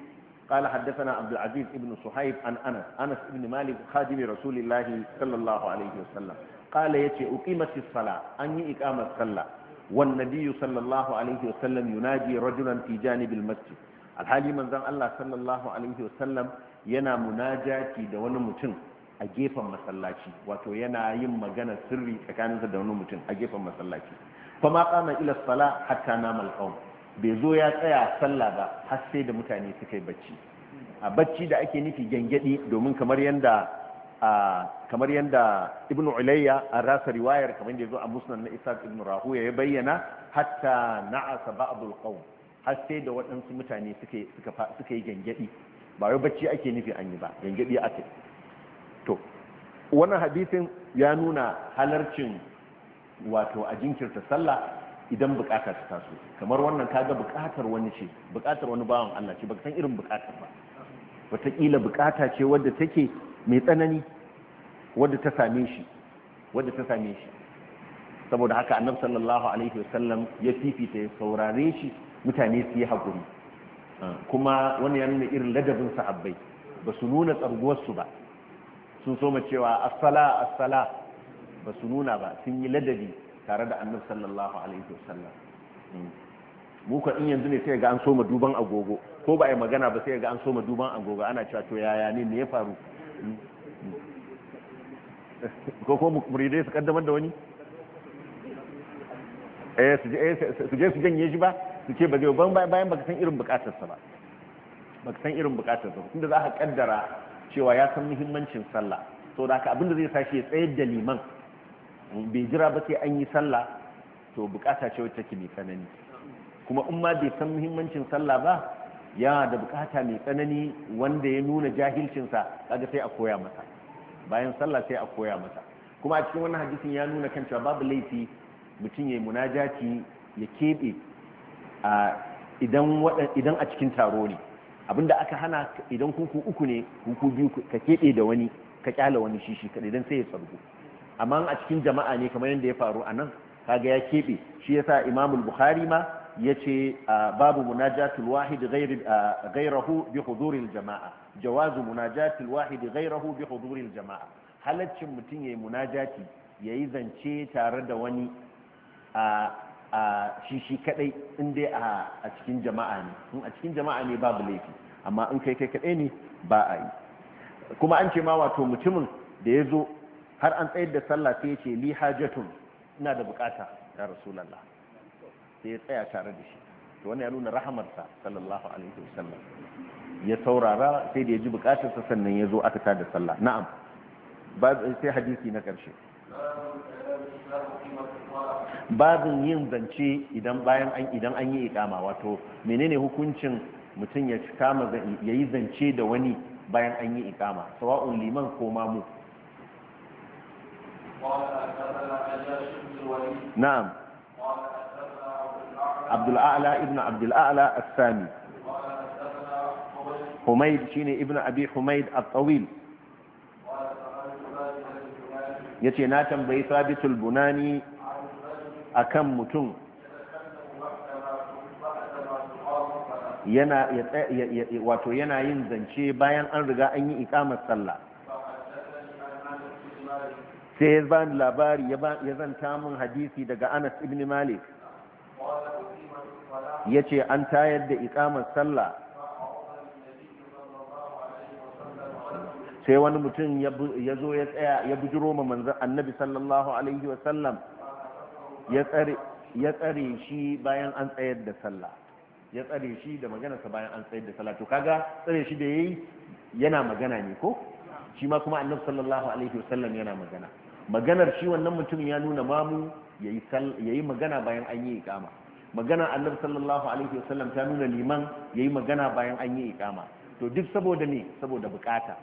قال حدثنا عبد العزيز بن صهيب عن أنس أنس بن مالك خادم رسول الله صلى الله عليه وسلم قال يتي أقيمت الصلاة أني إقامة صلاة والنبي صلى الله عليه وسلم يناجي رجلا في جانب المسجد الحالي من ذن الله صلى الله عليه وسلم ينا مناجاتي دون متن أجيفا مسلاتي وتو ينا يم مجانا سري فكان دون متن أجيفا مسلاتي فما قام إلى الصلاة حتى نام القوم bai zo ya tsaya sallah ba har sai da mutane suka yi bacci a bacci da ake nufi gyangyaɗi domin kamar yanda kamar yanda ibn ulayya an rasa riwayar kamar da zo a musnad na isaac ibn rahuya ya bayyana hatta na'asa ba'dul qawm har sai da waɗansu mutane suka suka suka yi gyangyaɗi. ba wai bacci ake nufi an yi ba gyangyaɗi ake to wannan hadisin ya nuna halarcin wato a jinkirta sallah idan bukata ta taso kamar wannan kaga bukatar wani ce bukatar wani bawan Allah ce baka san irin bukatar ba wataƙila bukata ce wadda take mai tsanani wadda ta same shi wadda ta same shi saboda haka annabi sallallahu alaihi wasallam ya fifita ya saurare shi mutane su yi hakuri kuma wani ya nuna irin ladabin sahabbai ba su nuna su ba sun mu cewa assala assala ba su nuna ba sun yi ladabi tare da annabi sallallahu alaihi wasallam hmm. mu ko in yanzu ne sai ga an soma duban agogo ko ba ai magana ba sai ga an soma duban agogo ana cewa to yaya ne ne ya faru hmm. (laughs) ko ko muridai su kaddamar da wani eh su je eh, su janye shi ba su ce ba zai ban bayan baka san irin bukatarsa ba baka san irin bukatarsa ba tunda za ka kaddara cewa ya san muhimmancin sallah so da haka abinda zai sashi ya tsayar da liman bai jira ba sai an yi sallah to bukata ce wacce ke mai tsanani kuma in ma bai san muhimmancin sallah ba yana da bukata mai tsanani wanda ya nuna jahilcinsa kaga sai a koya masa bayan sallah sai a koya masa kuma a cikin wannan hadisin ya nuna kan cewa babu laifi mutum ya yi munajati ya keɓe idan a cikin taro ne abinda aka hana idan kuku uku ne kuku biyu ka keɓe da wani ka kyala wani shi shi kaɗai sai ya sargu amma a cikin jama'a ne kamar yadda ya faru a nan kaga ya keɓe shi ya sa imamul bukhari ma ya ce babu munajatul wahid gairahu bi huduril jama'a jawazu munajatul wahid gairahu bi huduril jama'a halaccin mutum ya yi munajati ya yi zance tare da wani a shi shi kadai in dai a cikin jama'a ne a cikin jama'a ne babu laifi amma in kai kai kadai ne ba a yi kuma an ce ma wato mutumin da ya zo har an tsayar da sallah sai ya ce li hajatun ina da bukata ya rasulullah sai ya tsaya tare da shi to wannan ya nuna rahamarsa sallallahu alaihi wasallam ya saurara sai da ya ji bukatarsa sannan ya zo aka ta da sallah na'am sai hadisi na karshe babin yin zance idan bayan an idan an yi ikama wato menene hukuncin mutum ya kama ya zance da wani bayan an yi ikama sawa'un liman ko mamu نعم عبد الاعلى ابن عبد الاعلى الثاني حميد شيني ابن ابي حميد الطويل يتي ناتم بي ثابت البناني اكم متون ينا ينا ينا yana yin zance bayan an riga an yi ikamar sallah sai ya bani labari ya zanta min hadisi daga anas ibn malik ya ce an tayar da ikamar sallah sai wani mutum ya zo ya tsaya ya bujiro ma manzan annabi sallallahu alaihi wasallam ya tsare shi bayan an tsayar da sallah ya tsare shi da maganarsa bayan an tsayar da sallah to kaga tsare shi da ya yi yana magana ne ko shi ma kuma annabi sallallahu alaihi wasallam yana magana maganar shi wannan mutum ya nuna mamu ya yi magana bayan an yi ikama magana annabi sallallahu alaihi wasallam ta nuna liman ya yi magana bayan an yi ikama to duk saboda ne saboda bukata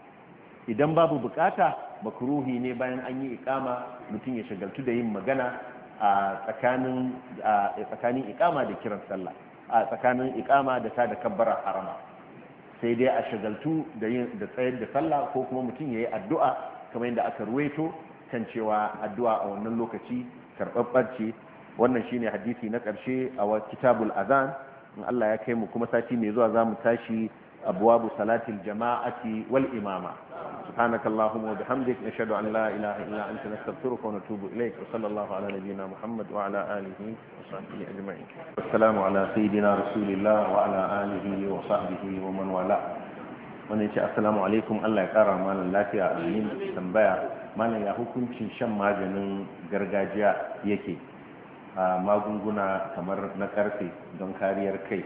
idan babu bukata makruhi ne bayan an yi ikama mutum ya shagaltu da yin magana a tsakanin tsakanin ikama da kiran sallah a tsakanin ikama da ta da kabbara harama sai dai a shagaltu da da tsayar da sallah ko kuma mutum ya yi addu'a kamar yadda aka ruwaito kan cewa addu'a a wannan lokaci karɓaɓɓar ce wannan shine hadisi na ƙarshe a kitabul azan in Allah ya kai mu kuma sati mai zuwa zamu tashi أبواب salatil الجماعة والإمامة سبحانك اللهم وبحمدك نشهد أن لا إله إلا أنت نستغفرك ونتوب إليك وصلى wa على wani ce assalamu alaikum Allah ya kara malam lafiya a amin tambaya malam ya hukuncin shan maganin gargajiya yake a magunguna kamar na karfe don kariyar kai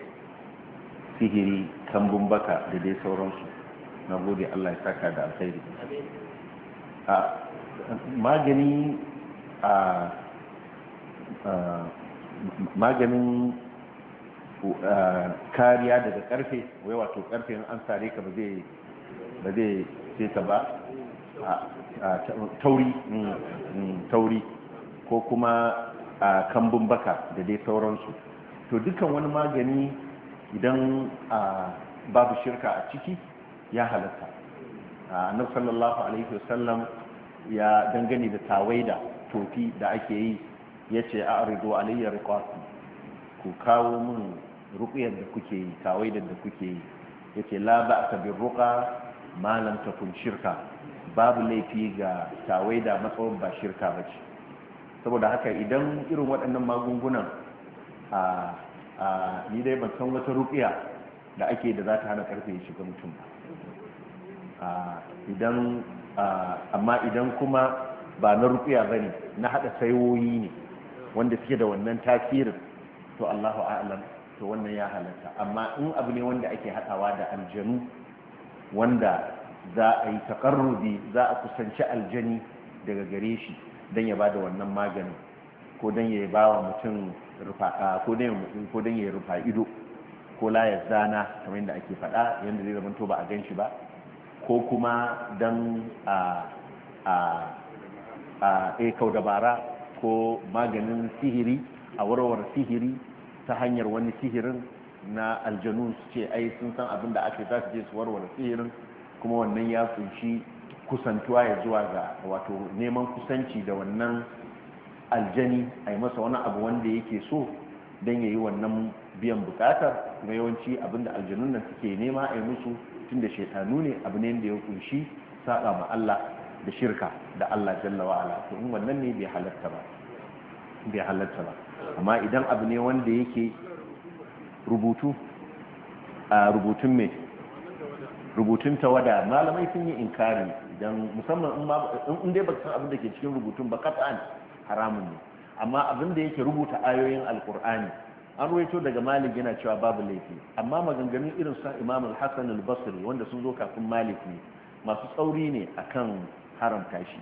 sihiri kambun baka da dai sauransu na gode allah ya saka da alkhairi a magani a maganin kariya daga karfe wai wato karfe an sare ka ba zai ba zai ce ta ba tauri mm, mm, tauri ko kuma a kambun baka da dai sauransu to dukkan wani magani idan babu shirka a ciki ya halatta na sallallahu alaihi wasallam ya dangane da tawaida tofi da ake yi ya ce a arido alayyar kwasi ku kawo min rukuyar da kuke yi tawaidar da kuke yi ya ce la a ruka malam tafun shirka babu laifi ga tawaida matsawar ba shirka ba ce saboda haka idan irin waɗannan magungunan a ni dai ban san wata rukiya da ake da za ta hana karfe ya shiga mutum ba idan amma idan kuma ba na rukiya ba ne na haɗa saiwoyi ne wanda suke da wannan tasirin to allahu a'lam to wannan ya halatta amma in abu ne wanda ake haɗawa da aljanu wanda za a yi takarrubi za a kusanci aljani daga gare shi don ya ba da wannan maganin ko don ya ba wa mutum ko don ya rufa ido ko layar zana kamar yadda ake faɗa yadda zai zamanto ba a gan shi ba ko kuma don a a kau dabara ko maganin sihiri a warwar sihiri ta hanyar wani sihirin na aljanu su ce ai sun san abin da ake za su je su warware sihirin kuma wannan ya kunshi kusantuwa ya zuwa ga wato neman kusanci da wannan aljani a yi masa wani abu wanda yake so don ya yi wannan biyan bukatar kuma yawanci abinda aljanun nan suke nema a yi musu tun da shaitanu ne abu ne da ya kunshi saba ma Allah da shirka da Allah jalla wa ala to in wannan ne bai halatta ba bai halatta ba amma idan abu ne wanda yake rubutu a rubutun mai rubutun tawada malamai sun yi inkari idan musamman in dai baka san abin da ke cikin rubutun ba kat'an haramun ne amma abin da yake rubuta ayoyin alkur'ani an ruwaito daga malik yana cewa babu laifi amma maganganun irin sa imam al-hasan al-basri wanda sun zo kafin malik ne masu tsauri ne akan haramta shi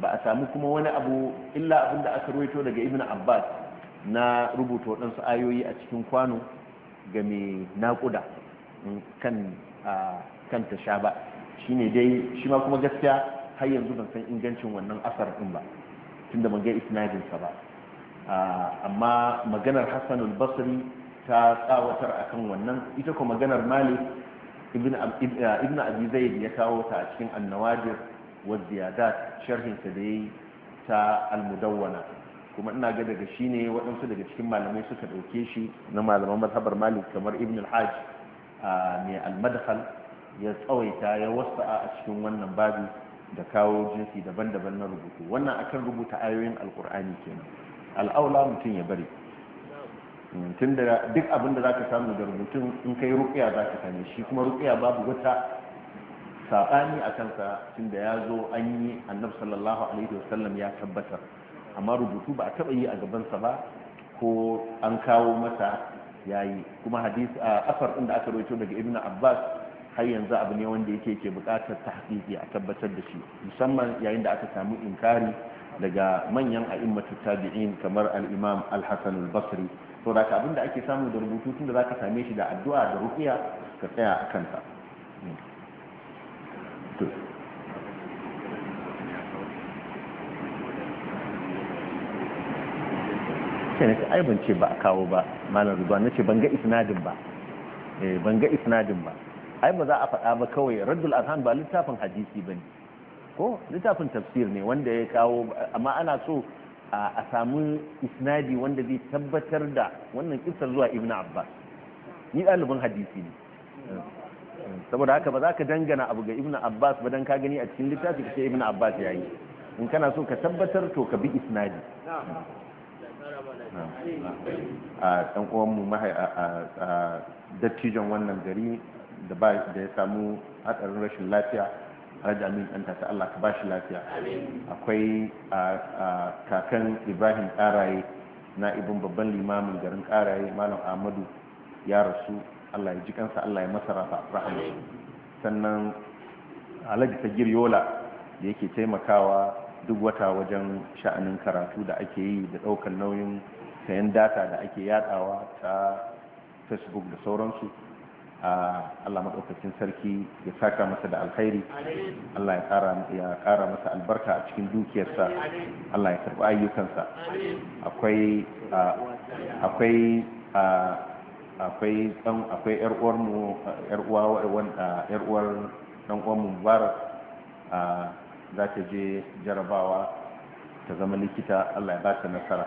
ba a samu kuma wani abu illa abin da aka ruwaito daga ibn abbas na rubuta waɗansu ayoyi a cikin kwano game mai naƙuda mm, kan ta sha ba ne dai shi ma kuma gaskiya har yanzu ban san ingancin wannan asar din ba tunda ban ga isnadin sa ba amma maganar Hassan basri ta tsawatar akan wannan ita kuma maganar Malik ibn ibn ya kawo ta a cikin An-Nawadir wa sharhin sa da yayi ta almudawwana kuma ina ga daga shi ne waɗansu daga cikin malamai suka ɗauke shi na malaman mazhabar Malik kamar Ibn al-Hajj mai almadhal ya tsawaita ya wasu a cikin wannan babi da kawo jinsi daban-daban na rubutu wannan akan rubuta ayoyin alkur'ani kenan al'aula mutum ya bari mm, tun da duk abin da zaka samu da rubutun in kai rukiya zaka same shi kuma rukiya babu wata saɓani a kansa Tunda ya zo an yi annabi sallallahu alaihi wasallam ya tabbatar amma rubutu ba a taɓa yi a gabansa ba ko an kawo masa yayi kuma hadisi asar din da aka rawaito daga ibn abbas har yanzu abu ne wanda yake ke buƙatar tahqiqi a tabbatar da shi musamman yayin da aka samu inkari daga manyan a'immatu tabi'in kamar al-imam al-hasan al-basri to da abin da ake samu da rubutu tun da zaka same shi da addu'a da ruqiya ka tsaya a ta hmm. to sai na ce ai ban ce ba a kawo ba malam ridwan na ce ban ga isnadin ba eh ban ga isnadin ba ai ba za a faɗa ba kawai raddul azhan ba littafin hadisi bane ko littafin tafsir ne wanda ya kawo amma ana so a samu isnadi wanda zai tabbatar da wannan kisar zuwa ibn abbas ni ɗaliban hadisi ne saboda haka ba za ka dangana abu ga ibn abbas ba dan ka gani a cikin littafi ka ce ibn abbas ya yi in kana so ka tabbatar to ka bi isnadi a ɗan uwanmu a dattijon wannan gari da ba da ya samu hatsarin rashin lafiya da amin ɗan ta Allah ka bashi lafiya akwai a kakan ibrahim ƙaraye na ibin babban limamin garin ƙaraye malam ahmadu ya rasu Allah ya ji kansa Allah ya masa rahama sannan alhaji ta giryola da yake taimakawa duk wata wajen sha'anin karatu da ake yi da ɗaukar nauyin sayan data da ake yadawa ta facebook da sauransu Allah maɗaukacin sarki ya saka masa da alkhairi Allah ya ƙara masa albarka a cikin dukiyarsa Allah ya karɓi ayyukansa akwai akwai akwai ɗan akwai yar uwar mu dan Mubarak za ta je jarabawa ta zama likita Allah ya ba ta nasara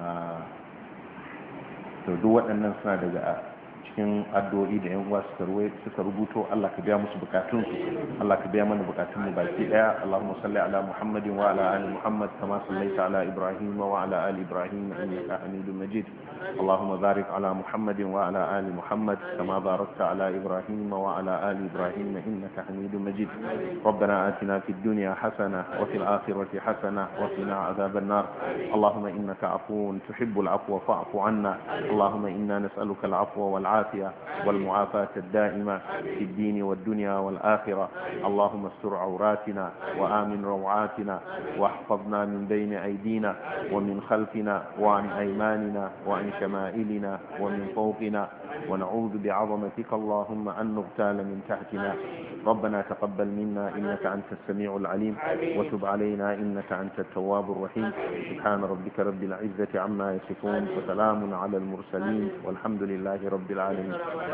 Ah, to duk waɗannan suna daga cikin addu'o'i da yan uwa suka rubuto Allah ka biya musu bukatun Allah ka biya mana bukatun mu baki daya Allahumma salli ala Muhammadin wa ala ali Muhammad kama sallaita ala Ibrahim wa ala ali Ibrahim innaka Hamidum Majid Allahumma barik ala Muhammadin wa ala ali Muhammad kama barakta ala Ibrahim wa ala ali Ibrahim innaka Hamidum Majid ربنا آتنا في الدنيا حسنة وفي الآخرة حسنة وقنا عذاب النار اللهم إنك عفو تحب العفو فاعف عنا اللهم إنا نسألك العفو والعفو والعافية والمعافاة الدائمة في الدين والدنيا والآخرة اللهم استر عوراتنا وآمن روعاتنا واحفظنا من بين أيدينا ومن خلفنا وعن أيماننا وعن شمائلنا ومن فوقنا ونعوذ بعظمتك اللهم أن نغتال من تحتنا ربنا تقبل منا إنك أنت السميع العليم وتب علينا إنك أنت التواب الرحيم سبحان ربك رب العزة عما يصفون وسلام على المرسلين والحمد لله رب العالمين العالمين